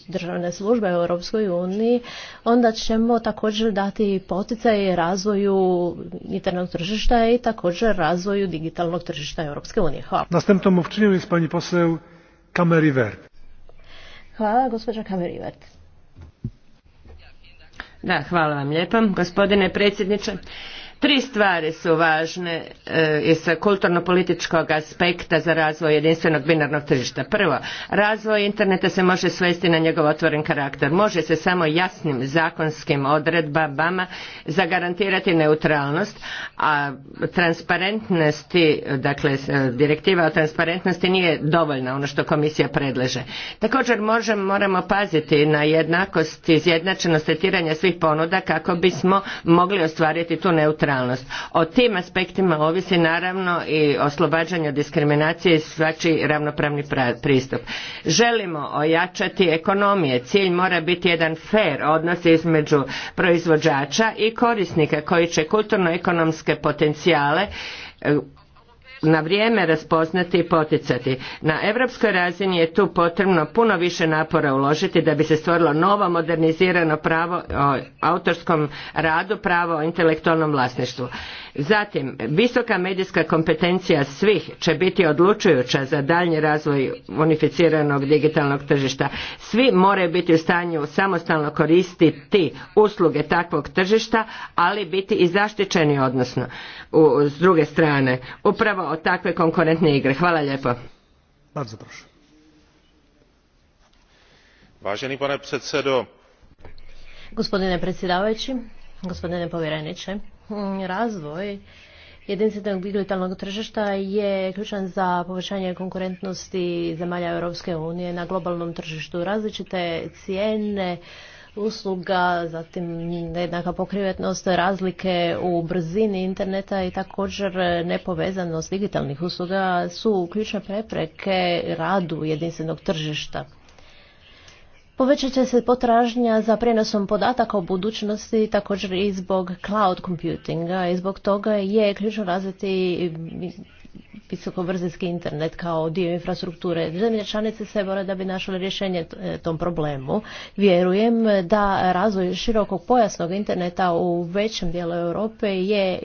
Speaker 3: državne službe u Europskoj uniji, onda ćemo također dati poticaj razvoju internog tržišta i također razvoju digitalnog tržišta Europske unije. Hvala.
Speaker 1: Kamerivert.
Speaker 3: Hvala, gospođa Kamerivert.
Speaker 2: Da, hvala vam lijepo, gospodine predsjedniče. Tri stvari su važne eh, iz kulturno-političkog aspekta za razvoj jedinstvenog binarnog tržišta. Prvo, razvoj interneta se može svesti na njegov otvoren karakter. Može se samo jasnim zakonskim odredbama zagarantirati neutralnost, a transparentnosti, dakle eh, direktiva o transparentnosti nije dovoljna ono što komisija predlaže. Također moramo paziti na jednakost i izjednačenost tretiranja svih ponuda kako bismo mogli ostvariti tu neutralnost neutralnost. O tim aspektima ovisi naravno i oslobađanje od diskriminacije i svači ravnopravni pristup. Želimo ojačati ekonomije. Cilj mora biti jedan fair odnos između proizvođača i korisnika koji će kulturno-ekonomske potencijale e, na vrijeme raspoznati i poticati. Na europskoj razini je tu potrebno puno više napora uložiti da bi se stvorilo novo modernizirano pravo o autorskom radu, pravo o intelektualnom vlasništvu. Zatim, visoka medijska kompetencija svih će biti odlučujuća za daljnji razvoj unificiranog digitalnog tržišta. Svi moraju biti u stanju samostalno koristiti usluge takvog tržišta, ali biti i zaštićeni odnosno s druge strane. Upravo od takve konkurentne igre. Hvala lijepo. pane
Speaker 3: Gospodine predsjedavajući, gospodine povjereniče, Mm, razvoj jedinstvenog digitalnog tržišta je ključan za povećanje konkurentnosti zemalja Europske unije na globalnom tržištu. Različite cijene usluga, zatim jednaka pokrivetnost, razlike u brzini interneta i također nepovezanost digitalnih usluga su ključne prepreke radu jedinstvenog tržišta. Povećat će se potražnja za prijenosom podataka u budućnosti također i zbog cloud computinga i zbog toga je ključno razviti visokobrzinski internet kao dio infrastrukture. Zemlje članice se mora da bi našle rješenje e, tom problemu. Vjerujem da razvoj širokog pojasnog interneta u većem dijelu Europe je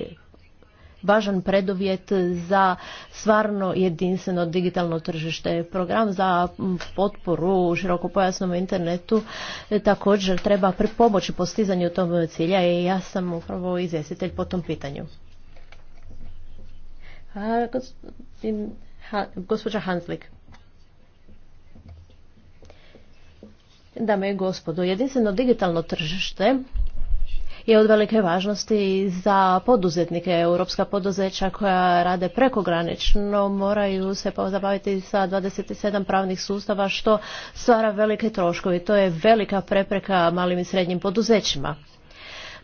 Speaker 3: važan preduvjet za stvarno jedinstveno digitalno tržište. Program za potporu širokopojasnom internetu također treba pripomoći postizanju tom cilja i ja sam upravo izvjestitelj po tom pitanju. gospođa Hanslik. Dame i gospodo, jedinstveno digitalno tržište je od velike važnosti za poduzetnike. Europska poduzeća koja rade prekogranično moraju se pozabaviti sa 27 pravnih sustava što stvara velike troškovi. To je velika prepreka malim i srednjim poduzećima.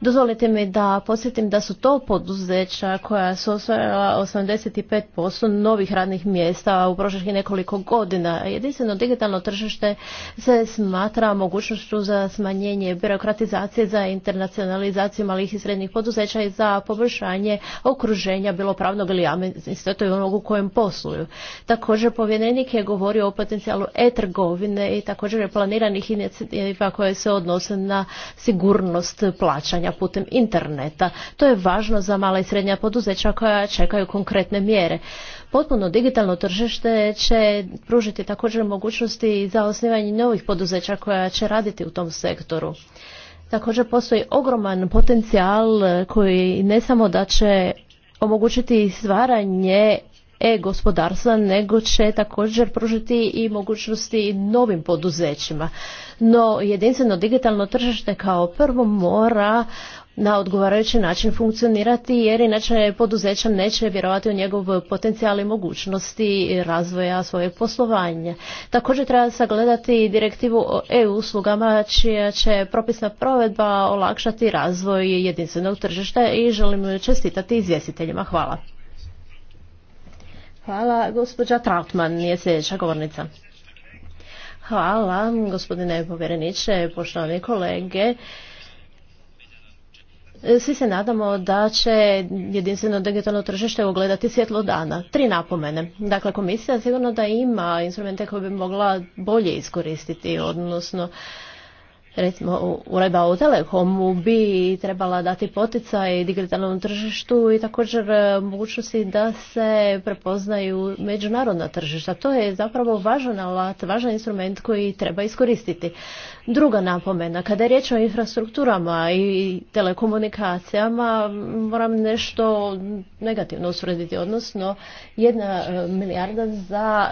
Speaker 3: Dozvolite mi da podsjetim da su to poduzeća koja su osvojila 85% novih radnih mjesta u prošlih nekoliko godina. Jedinstveno digitalno tržište se smatra mogućnošću za smanjenje birokratizacije, za internacionalizaciju malih i srednjih poduzeća i za poboljšanje okruženja bilo pravnog ili onog u kojem posluju. Također povjerenik je govorio o potencijalu e-trgovine i također je planiranih inicijativa koje se odnose na sigurnost plaćanja putem interneta. To je važno za mala i srednja poduzeća koja čekaju konkretne mjere. Potpuno digitalno tržište će pružiti također mogućnosti za osnivanje novih poduzeća koja će raditi u tom sektoru. Također postoji ogroman potencijal koji ne samo da će omogućiti stvaranje e-gospodarstva, nego će također pružiti i mogućnosti novim poduzećima. No jedinstveno digitalno tržište kao prvo mora na odgovarajući način funkcionirati jer inače poduzeća neće vjerovati u njegov potencijal i mogućnosti razvoja svojeg poslovanja. Također treba sagledati direktivu o e-uslugama čija će propisna provedba olakšati razvoj jedinstvenog tržišta i želim čestitati izvjestiteljima. Hvala. Hvala. Gospođa Trautman je sljedeća govornica. Hvala, gospodine povjereniče, poštovani kolege. Svi se nadamo da će jedinstveno digitalno tržište ugledati svjetlo dana. Tri napomene. Dakle, komisija sigurno da ima instrumente koje bi mogla bolje iskoristiti, odnosno recimo ureba o telekomu bi trebala dati poticaj digitalnom tržištu i također e, mogućnosti da se prepoznaju međunarodna tržišta. To je zapravo važan alat, važan instrument koji treba iskoristiti. Druga napomena, kada je riječ o infrastrukturama i telekomunikacijama, moram nešto negativno usrediti, odnosno jedna e, milijarda za,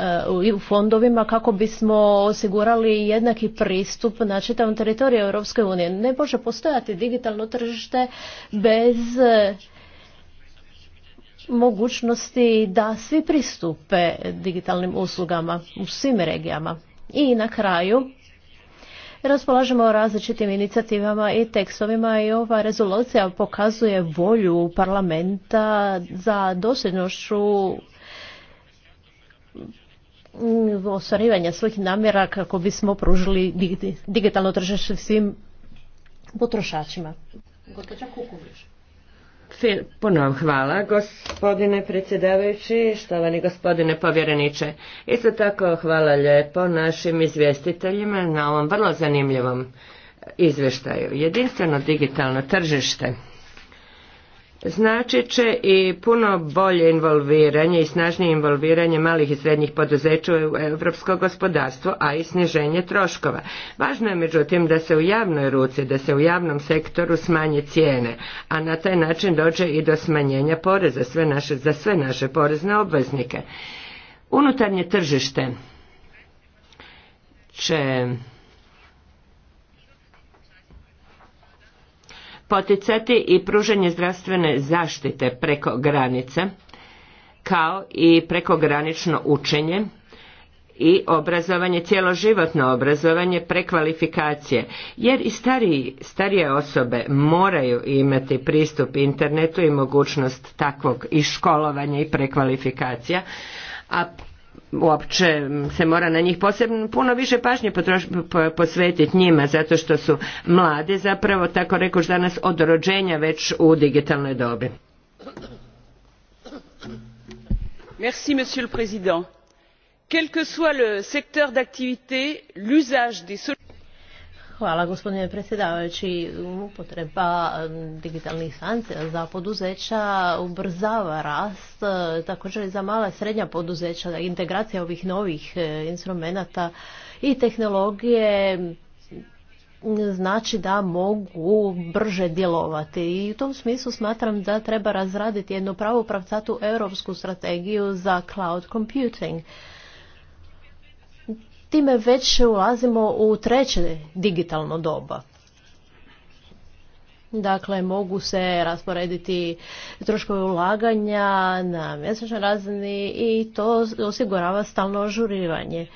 Speaker 3: e, u fondovima kako bismo osigurali jednaki pristup na čitavom teritoriju Europske unije. Ne može postojati digitalno tržište bez e, mogućnosti da svi pristupe digitalnim uslugama u svim regijama. I na kraju, raspolažemo različitim inicijativama i tekstovima i ova rezolucija pokazuje volju parlamenta za dosljednošću ostvarivanja svojih namjera kako bismo pružili digitalno tržište svim potrošačima.
Speaker 2: Puno hvala gospodine predsjedavajući, štovani gospodine povjereniče. Isto tako hvala lijepo našim izvjestiteljima na ovom vrlo zanimljivom izvještaju. Jedinstveno digitalno tržište Znači će i puno bolje involviranje i snažnije involviranje malih i srednjih poduzeća u europsko gospodarstvo, a i sniženje troškova. Važno je međutim da se u javnoj ruci, da se u javnom sektoru smanje cijene, a na taj način dođe i do smanjenja poreza sve naše, za sve naše porezne obveznike. Unutarnje tržište će poticati i pružanje zdravstvene zaštite preko granice kao i prekogranično učenje i obrazovanje, cjeloživotno obrazovanje, prekvalifikacije. Jer i stariji, starije osobe moraju imati pristup internetu i mogućnost takvog i školovanja i prekvalifikacija, a uopće se mora na njih posebno puno više pažnje posvetiti njima zato što su mlade zapravo tako rekoš danas od rođenja već u digitalnoj dobi. Merci, monsieur le président. Quel que soit le secteur d'activité, l'usage des
Speaker 3: Hvala gospodine predsjedavajući. Upotreba digitalnih sankcija za poduzeća ubrzava rast, e, također i za mala i srednja poduzeća, integracija ovih novih e, instrumenata i tehnologije znači da mogu brže djelovati i u tom smislu smatram da treba razraditi jednu pravu pravcatu europsku strategiju za cloud computing time već ulazimo u treće digitalno doba. Dakle, mogu se rasporediti troškovi ulaganja na mjesečnoj razini i to osigurava stalno ažuriranje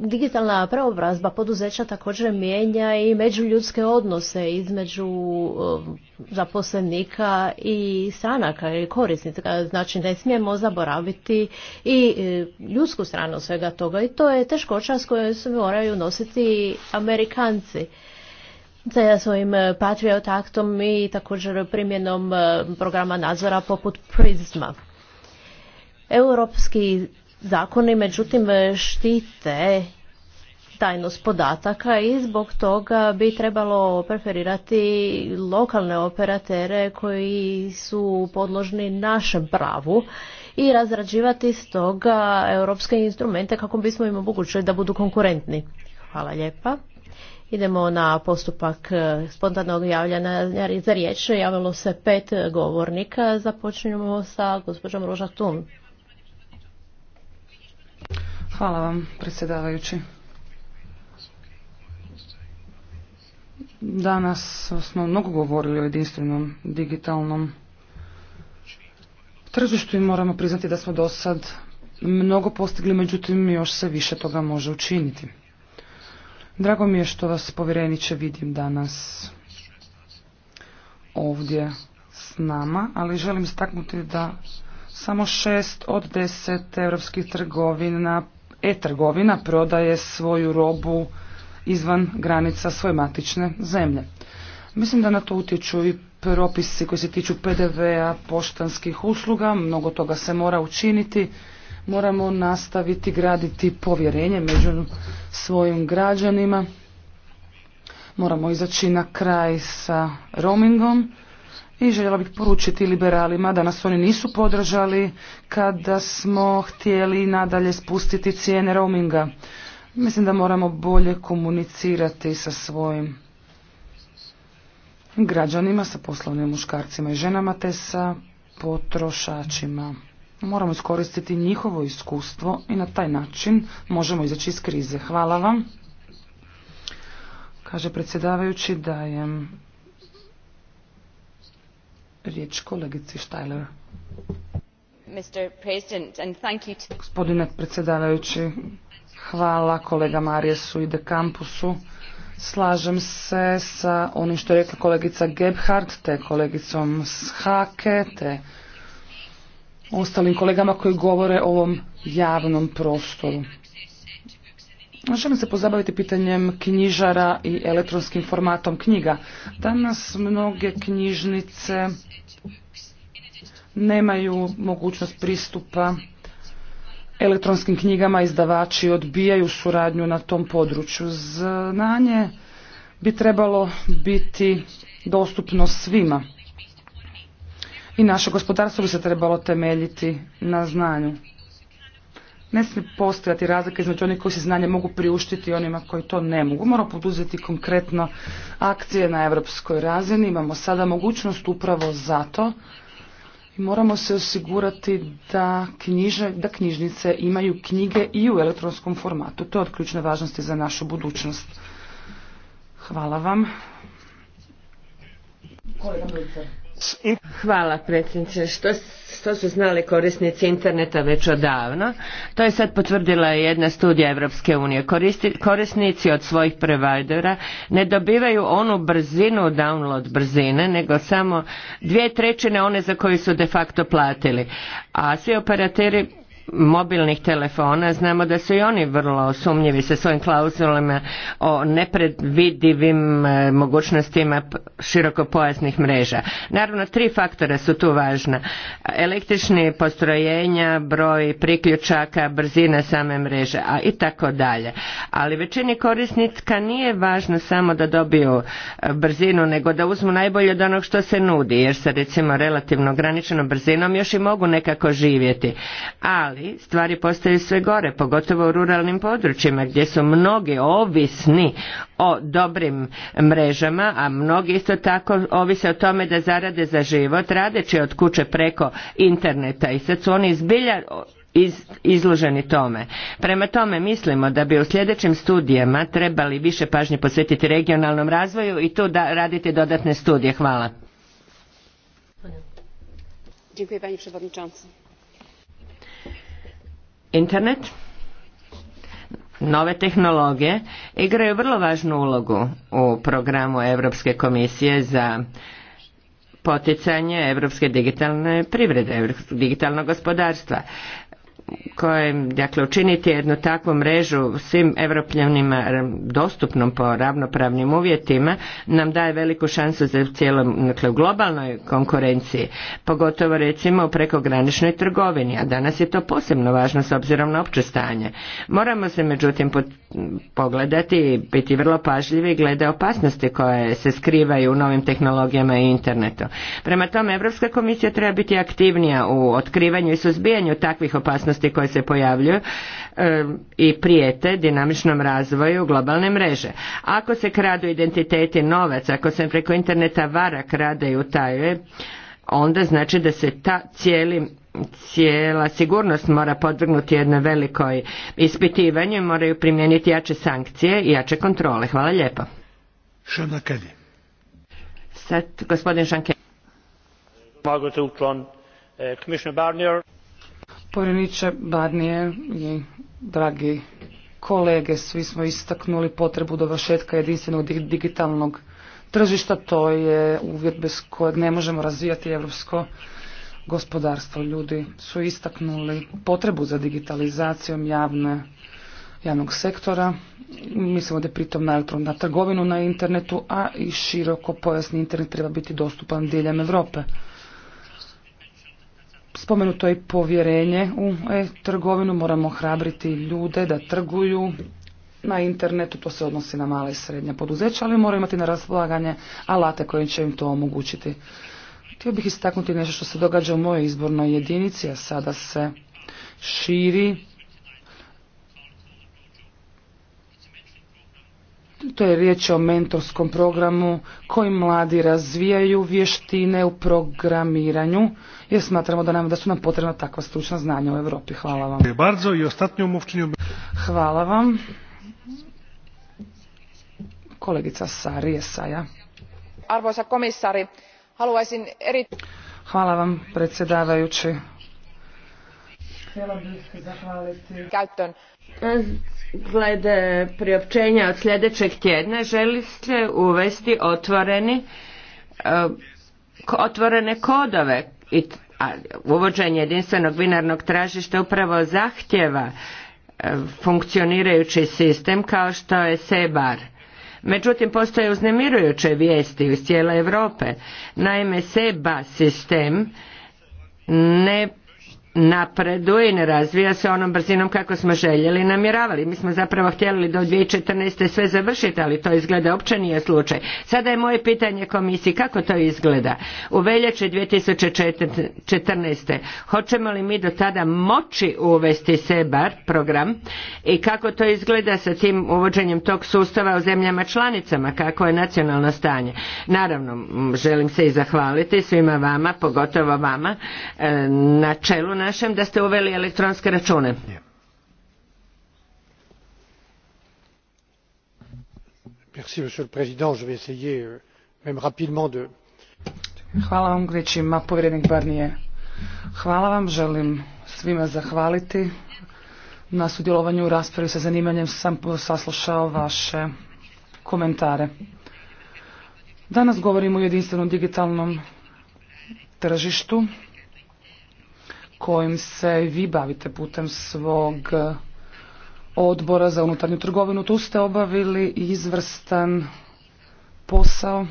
Speaker 3: digitalna preobrazba poduzeća također mijenja i međuljudske odnose između um, zaposlenika i stranaka ili korisnika. Znači ne smijemo zaboraviti i e, ljudsku stranu svega toga i to je teškoća s kojom se moraju nositi Amerikanci sa svojim Patriot Actom i također primjenom e, programa nadzora poput Prisma. Europski zakoni međutim e, štite tajnost podataka i zbog toga bi trebalo preferirati lokalne operatere koji su podložni našem pravu i razrađivati stoga europske instrumente kako bismo im omogućili da budu konkurentni. Hvala lijepa. Idemo na postupak e, spontanog javljanja za riječ. Javilo se pet govornika. Započinjemo sa gospođom Roža
Speaker 1: Tun. Hvala vam, predsjedavajući. Danas smo mnogo govorili o jedinstvenom digitalnom tržištu i moramo priznati da smo do sad mnogo postigli, međutim još se više toga može učiniti. Drago mi je što vas povjereniče vidim danas ovdje s nama, ali želim staknuti da samo šest od deset europskih trgovina e-trgovina prodaje svoju robu izvan granica svoje matične zemlje. Mislim da na to utječu i propisi koji se tiču PDV-a, poštanskih usluga, mnogo toga se mora učiniti. Moramo nastaviti graditi povjerenje među svojim građanima. Moramo izaći na kraj sa roamingom i željela bih poručiti liberalima da nas oni nisu podržali kada smo htjeli nadalje spustiti cijene roaminga. Mislim da moramo bolje komunicirati sa svojim građanima, sa poslovnim muškarcima i ženama te sa potrošačima. Moramo iskoristiti njihovo iskustvo i na taj način možemo izaći iz krize. Hvala vam. Kaže predsjedavajući dajem riječ kolegici Štajler. Gospodine predsjedavajući, hvala kolega Marijesu i de Campusu. Slažem se sa onim što je rekla kolegica Gebhardt, te kolegicom Shake, te ostalim kolegama koji govore o ovom javnom prostoru. Želim se pozabaviti pitanjem knjižara i elektronskim formatom knjiga. Danas mnoge knjižnice nemaju mogućnost pristupa elektronskim knjigama, izdavači odbijaju suradnju na tom području. Znanje bi trebalo biti dostupno svima. I naše gospodarstvo bi se trebalo temeljiti na znanju. Ne smije postojati razlika između onih koji se znanje mogu priuštiti i onima koji to ne mogu. Moramo poduzeti konkretno akcije na europskoj razini. Imamo sada mogućnost upravo zato i moramo se osigurati da, da knjižnice imaju knjige i u elektronskom formatu. To je od ključne važnosti za našu budućnost. Hvala vam.
Speaker 2: Hvala predsjedniče. Što, su znali korisnici interneta već odavno? To je sad potvrdila jedna studija Europske unije. korisnici od svojih provajdera ne dobivaju onu brzinu download brzine, nego samo dvije trećine one za koje su de facto platili. A svi operateri mobilnih telefona, znamo da su i oni vrlo sumnjivi sa svojim klauzulama o nepredvidivim eh, mogućnostima širokopojasnih mreža. Naravno, tri faktora su tu važna. Električni postrojenja, broj priključaka, brzina same mreže, a i tako dalje. Ali većini korisnika nije važno samo da dobiju eh, brzinu, nego da uzmu najbolje od onog što se nudi, jer se, recimo relativno ograničenom brzinom još i mogu nekako živjeti. Ali stvari, stvari postaju sve gore, pogotovo u ruralnim područjima gdje su mnogi ovisni o dobrim mrežama, a mnogi isto tako ovise o tome da zarade za život radeći od kuće preko interneta i sad su oni zbilja izloženi tome. Prema tome mislimo da bi u sljedećim studijama trebali više pažnje posvetiti regionalnom razvoju i tu da raditi dodatne studije. Hvala. Dziękuję Internet, nove tehnologije igraju vrlo važnu ulogu u programu Europske komisije za poticanje europske digitalne privrede, digitalnog gospodarstva kojem, dakle, učiniti jednu takvu mrežu svim evropljanima dostupnom po ravnopravnim uvjetima nam daje veliku šansu za cijelom, dakle, u globalnoj konkurenciji, pogotovo recimo u prekograničnoj trgovini, a danas je to posebno važno s obzirom na opće stanje. Moramo se međutim pogledati i biti vrlo pažljivi glede opasnosti koje se skrivaju u novim tehnologijama i internetu. Prema tome, Europska komisija treba biti aktivnija u otkrivanju i suzbijanju takvih opasnosti opasnosti koje se pojavljuju i prijete dinamičnom razvoju globalne mreže. Ako se kradu identiteti novaca, ako se preko interneta vara krade i utajuje, onda znači da se ta cijeli cijela sigurnost mora podvrgnuti jednoj velikoj ispitivanju moraju primijeniti jače sankcije i jače kontrole. Hvala lijepo.
Speaker 1: Sad gospodin Šanke. Povjereniče badnije i dragi kolege, svi smo istaknuli potrebu dovršetka jedinstvenog digitalnog tržišta. To je uvjet bez kojeg ne možemo razvijati europsko gospodarstvo. Ljudi su istaknuli potrebu za digitalizacijom javne, javnog sektora. Mislimo da je pritom na na trgovinu na internetu, a i široko pojasni internet treba biti dostupan diljem Europe spomenuto je povjerenje u e trgovinu, moramo hrabriti ljude da trguju na internetu, to se odnosi na mala i srednja poduzeća, ali moraju imati na raspolaganje alate koje će im to omogućiti. Htio bih istaknuti nešto što se događa u mojoj izbornoj jedinici, a sada se širi To je riječ o mentorskom programu koji mladi razvijaju vještine u programiranju jer smatramo da, nam, da su nam potrebna takva stručna znanja u Europi. Hvala vam. Hvala vam. Kolegica Sari Jesaja.
Speaker 2: Arvoisa komisari, haluaisin eri...
Speaker 1: Hvala vam, predsjedavajući.
Speaker 2: Htjela bih zahvaliti glede priopćenja od sljedećeg tjedna želi se uvesti otvoreni eh, otvorene kodove i a uvođenje jedinstvenog binarnog tražišta upravo zahtjeva eh, funkcionirajući sistem kao što je SEBAR. Međutim, postoje uznemirujuće vijesti iz cijele Europe. Naime, SEBA sistem ne napreduje i ne razvija se onom brzinom kako smo željeli i namjeravali. Mi smo zapravo htjeli do 2014. sve završiti, ali to izgleda uopće nije slučaj. Sada je moje pitanje komisiji kako to izgleda. U veljači 2014. hoćemo li mi do tada moći uvesti SEBAR program i kako to izgleda sa tim uvođenjem tog sustava u zemljama članicama, kako je nacionalno stanje. Naravno, želim se i zahvaliti svima vama, pogotovo vama, e, na čelu našem da ste uveli elektronske račune. Merci,
Speaker 1: Hvala vam, ma povjerenik Barnije. Hvala vam, želim svima zahvaliti na sudjelovanju u raspravi. Sa zanimanjem sam saslušao vaše komentare. Danas govorimo o jedinstvenom digitalnom tržištu kojim se vi bavite putem svog e, odbora za unutarnju trgovinu. Tu ste obavili izvrstan posao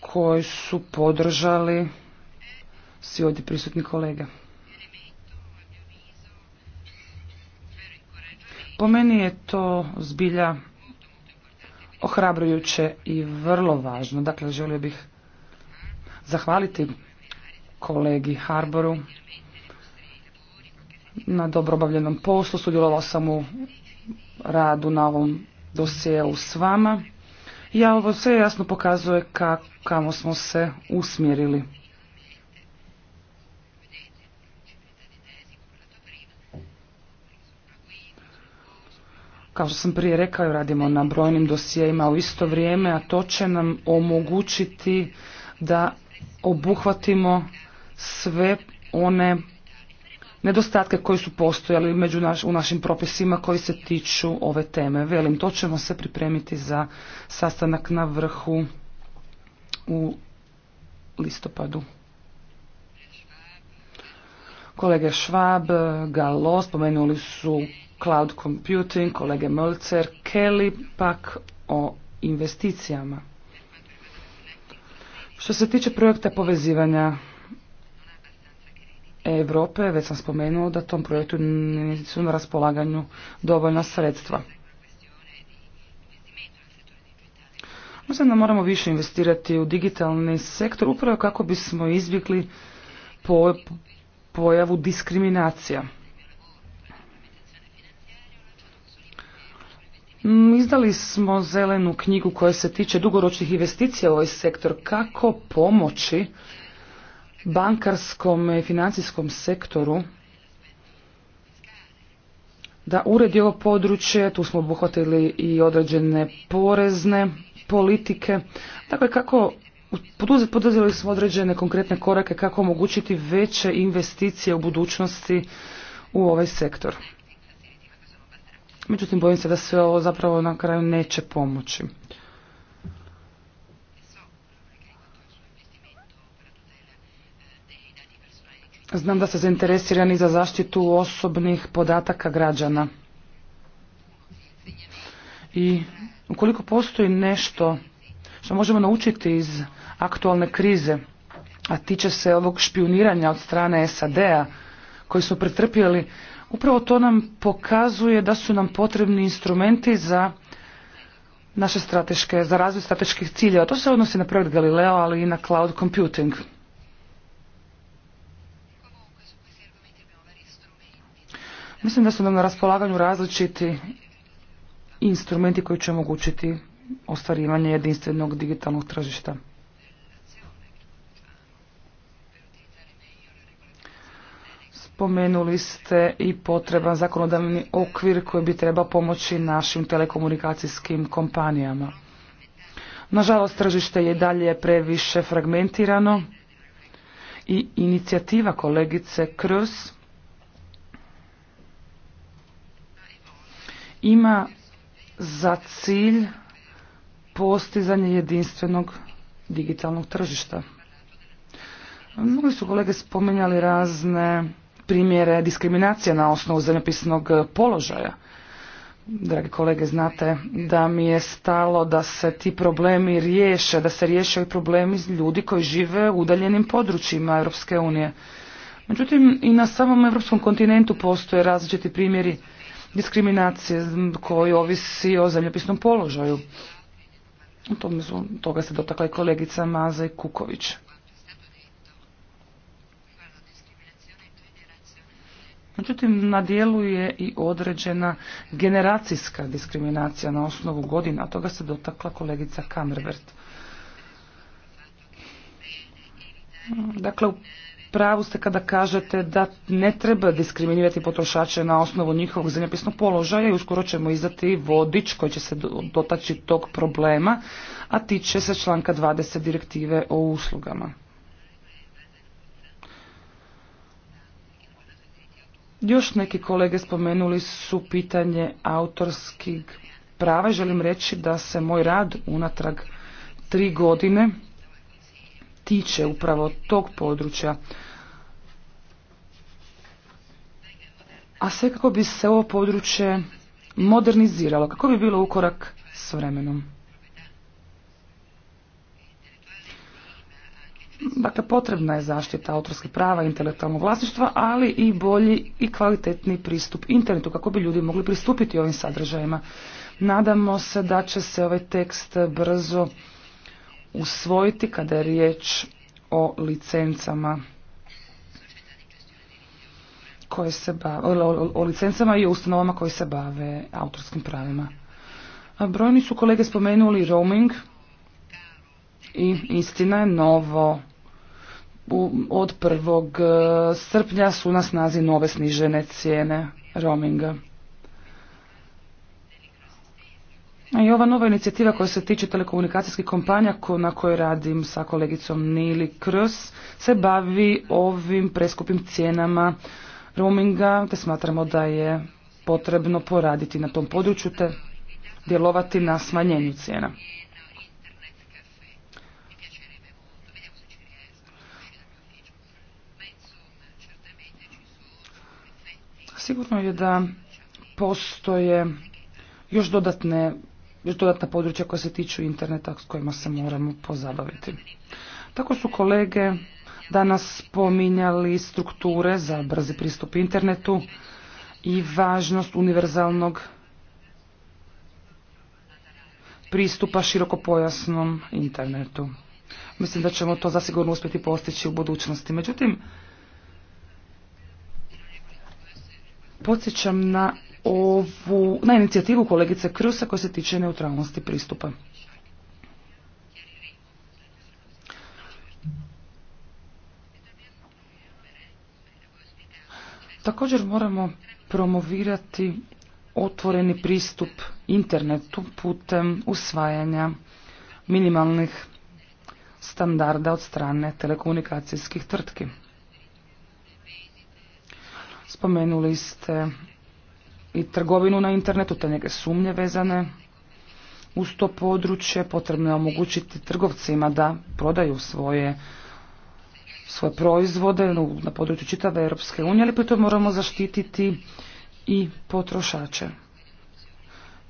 Speaker 1: koji su podržali svi ovdje prisutni kolege. Po meni je to zbilja ohrabrujuće i vrlo važno. Dakle, želio bih zahvaliti kolegi Harboru na dobro obavljenom poslu. Sudjelovao sam u radu na ovom dosijelu s vama. Ja ovo sve jasno pokazuje kamo smo se usmjerili. Kao što sam prije rekao, radimo na brojnim dosijejima u isto vrijeme, a to će nam omogućiti da obuhvatimo sve one nedostatke koji su postojali među naš, u našim propisima koji se tiču ove teme. Velim, to ćemo se pripremiti za sastanak na vrhu u listopadu. Kolege Schwab, Galo, spomenuli su cloud computing, kolege Mölzer, Kelly pak o investicijama. Što se tiče projekta povezivanja Europe, već sam spomenuo da tom projektu nisu na raspolaganju dovoljna sredstva. Mislim da moramo više investirati u digitalni sektor upravo kako bismo izbjegli pojavu diskriminacija. Mm, izdali smo zelenu knjigu koja se tiče dugoročnih investicija u ovaj sektor. Kako pomoći bankarskom i financijskom sektoru da uredi ovo područje, tu smo obuhvatili i određene porezne politike. Dakle, kako poduzeli smo određene konkretne korake kako omogućiti veće investicije u budućnosti u ovaj sektor. Međutim, bojim se da se ovo zapravo na kraju neće pomoći. Znam da ste zainteresirani za zaštitu osobnih podataka građana. I ukoliko postoji nešto što možemo naučiti iz aktualne krize, a tiče se ovog špioniranja od strane SAD-a koji su pretrpjeli Upravo to nam pokazuje da su nam potrebni instrumenti za naše strateške, za razvoj strateških ciljeva. To se odnosi na projekt Galileo, ali i na cloud computing. Mislim da su nam na raspolaganju različiti instrumenti koji će omogućiti ostvarivanje jedinstvenog digitalnog tržišta. Spomenuli ste i potreban zakonodavni okvir koji bi treba pomoći našim telekomunikacijskim kompanijama. Nažalost, tržište je dalje previše fragmentirano i inicijativa kolegice Kroz ima za cilj postizanje jedinstvenog digitalnog tržišta. Mnogi su kolege spominjali razne primjere diskriminacije na osnovu zemljopisnog e, položaja. Dragi kolege, znate da mi je stalo da se ti problemi riješe, da se riješaju problemi ljudi koji žive u udaljenim područjima Europske unije. Međutim, i na samom europskom kontinentu postoje različiti primjeri diskriminacije koji ovisi o zemljopisnom položaju. U toga se dotakla i kolegica Maza i Kuković. Međutim, na dijelu je i određena generacijska diskriminacija na osnovu godina. a Toga se dotakla kolegica Kamrvert. Dakle, u pravu ste kada kažete da ne treba diskriminirati potrošače na osnovu njihovog zemljopisnog položaja i uskoro ćemo izdati vodič koji će se dotaći tog problema, a tiče se članka 20 direktive o uslugama. Još neki kolege spomenuli su pitanje autorskih prava želim reći da se moj rad unatrag tri godine tiče upravo tog područja. A sve kako bi se ovo područje moderniziralo, kako bi bilo ukorak s vremenom. Dakle, potrebna je zaštita autorskih prava i intelektualnog vlasništva, ali i bolji i kvalitetni pristup internetu kako bi ljudi mogli pristupiti ovim sadržajima. Nadamo se da će se ovaj tekst brzo usvojiti kada je riječ o licencama koje se bave, o, licencama i ustanovama koje se bave autorskim pravima. Brojni su kolege spomenuli roaming i istina je novo od 1. E, srpnja su na snazi nove snižene cijene roaminga. I ova nova inicijativa koja se tiče telekomunikacijskih kompanija na kojoj radim sa kolegicom Nili kroz se bavi ovim preskupim cijenama roaminga te smatramo da je potrebno poraditi na tom području te djelovati na smanjenju cijena. Sigurno je da postoje još dodatne još dodatna područja koja se tiču interneta s kojima se moramo pozabaviti. Tako su kolege danas spominjali strukture za brzi pristup internetu i važnost univerzalnog pristupa širokopojasnom internetu. Mislim da ćemo to zasigurno uspjeti postići u budućnosti. Međutim, podsjećam na ovu, na inicijativu kolegice Krusa koja se tiče neutralnosti pristupa. Također moramo promovirati otvoreni pristup internetu putem usvajanja minimalnih standarda od strane telekomunikacijskih tvrtki. Spomenuli ste i trgovinu na internetu, te neke sumnje vezane uz to područje. Potrebno je omogućiti trgovcima da prodaju svoje svoje proizvode na području čitave Europske unije, ali pritom moramo zaštititi i potrošače.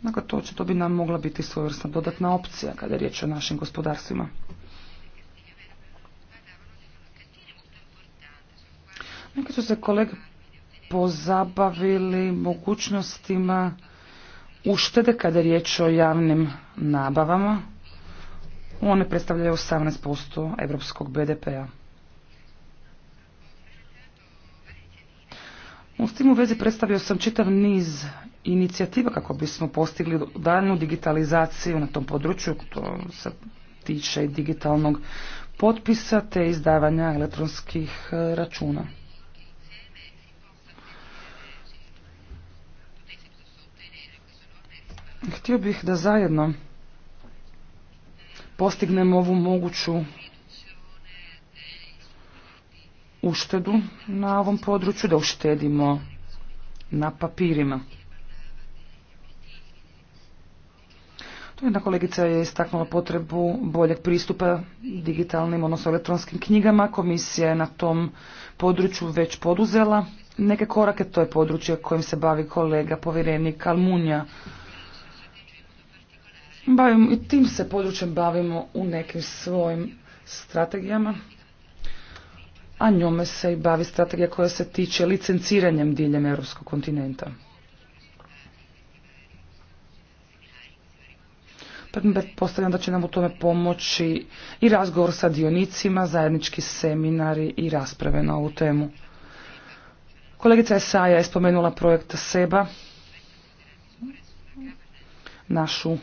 Speaker 1: Dakle, to, to bi nam mogla biti svojevrsna dodatna opcija kada je riječ o našim gospodarstvima. su se kolege pozabavili mogućnostima uštede kada je riječ o javnim nabavama. One predstavljaju 18% evropskog BDP-a. U tim u vezi predstavio sam čitav niz inicijativa kako bismo postigli daljnju digitalizaciju na tom području, to se tiče digitalnog potpisa te izdavanja elektronskih e, računa. Htio bih da zajedno postignemo ovu moguću uštedu na ovom području, da uštedimo na papirima. Tu jedna kolegica je istaknula potrebu boljeg pristupa digitalnim, odnosno elektronskim knjigama. Komisija je na tom području već poduzela neke korake. To je područje kojim se bavi kolega povjerenik Almunja bavimo i tim se područjem bavimo u nekim svojim strategijama, a njome se i bavi strategija koja se tiče licenciranjem diljem europskog kontinenta. postavljam da će nam u tome pomoći i razgovor sa dionicima, zajednički seminari i rasprave na ovu temu. Kolegica Esaja je spomenula projekta SEBA, našu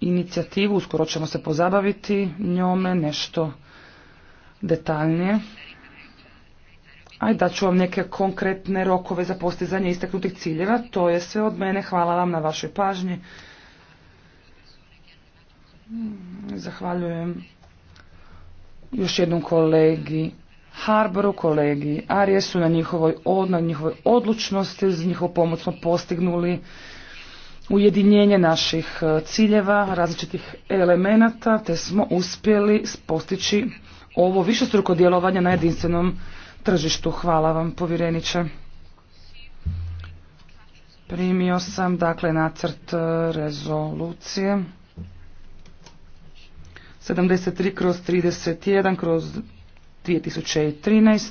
Speaker 1: inicijativu, uskoro ćemo se pozabaviti njome nešto detaljnije. Aj da ću vam neke konkretne rokove za postizanje istaknutih ciljeva. To je sve od mene. Hvala vam na vašoj pažnji. Zahvaljujem još jednom kolegi Harboru, kolegi Arijesu na njihovoj, na njihovoj odlučnosti, za njihovu pomoć smo postignuli ujedinjenje naših e, ciljeva, različitih elemenata, te smo uspjeli postići ovo višestruko djelovanje na jedinstvenom tržištu. Hvala vam, povjereniče. Primio sam, dakle, nacrt e, rezolucije. 73 kroz 31 kroz 2013.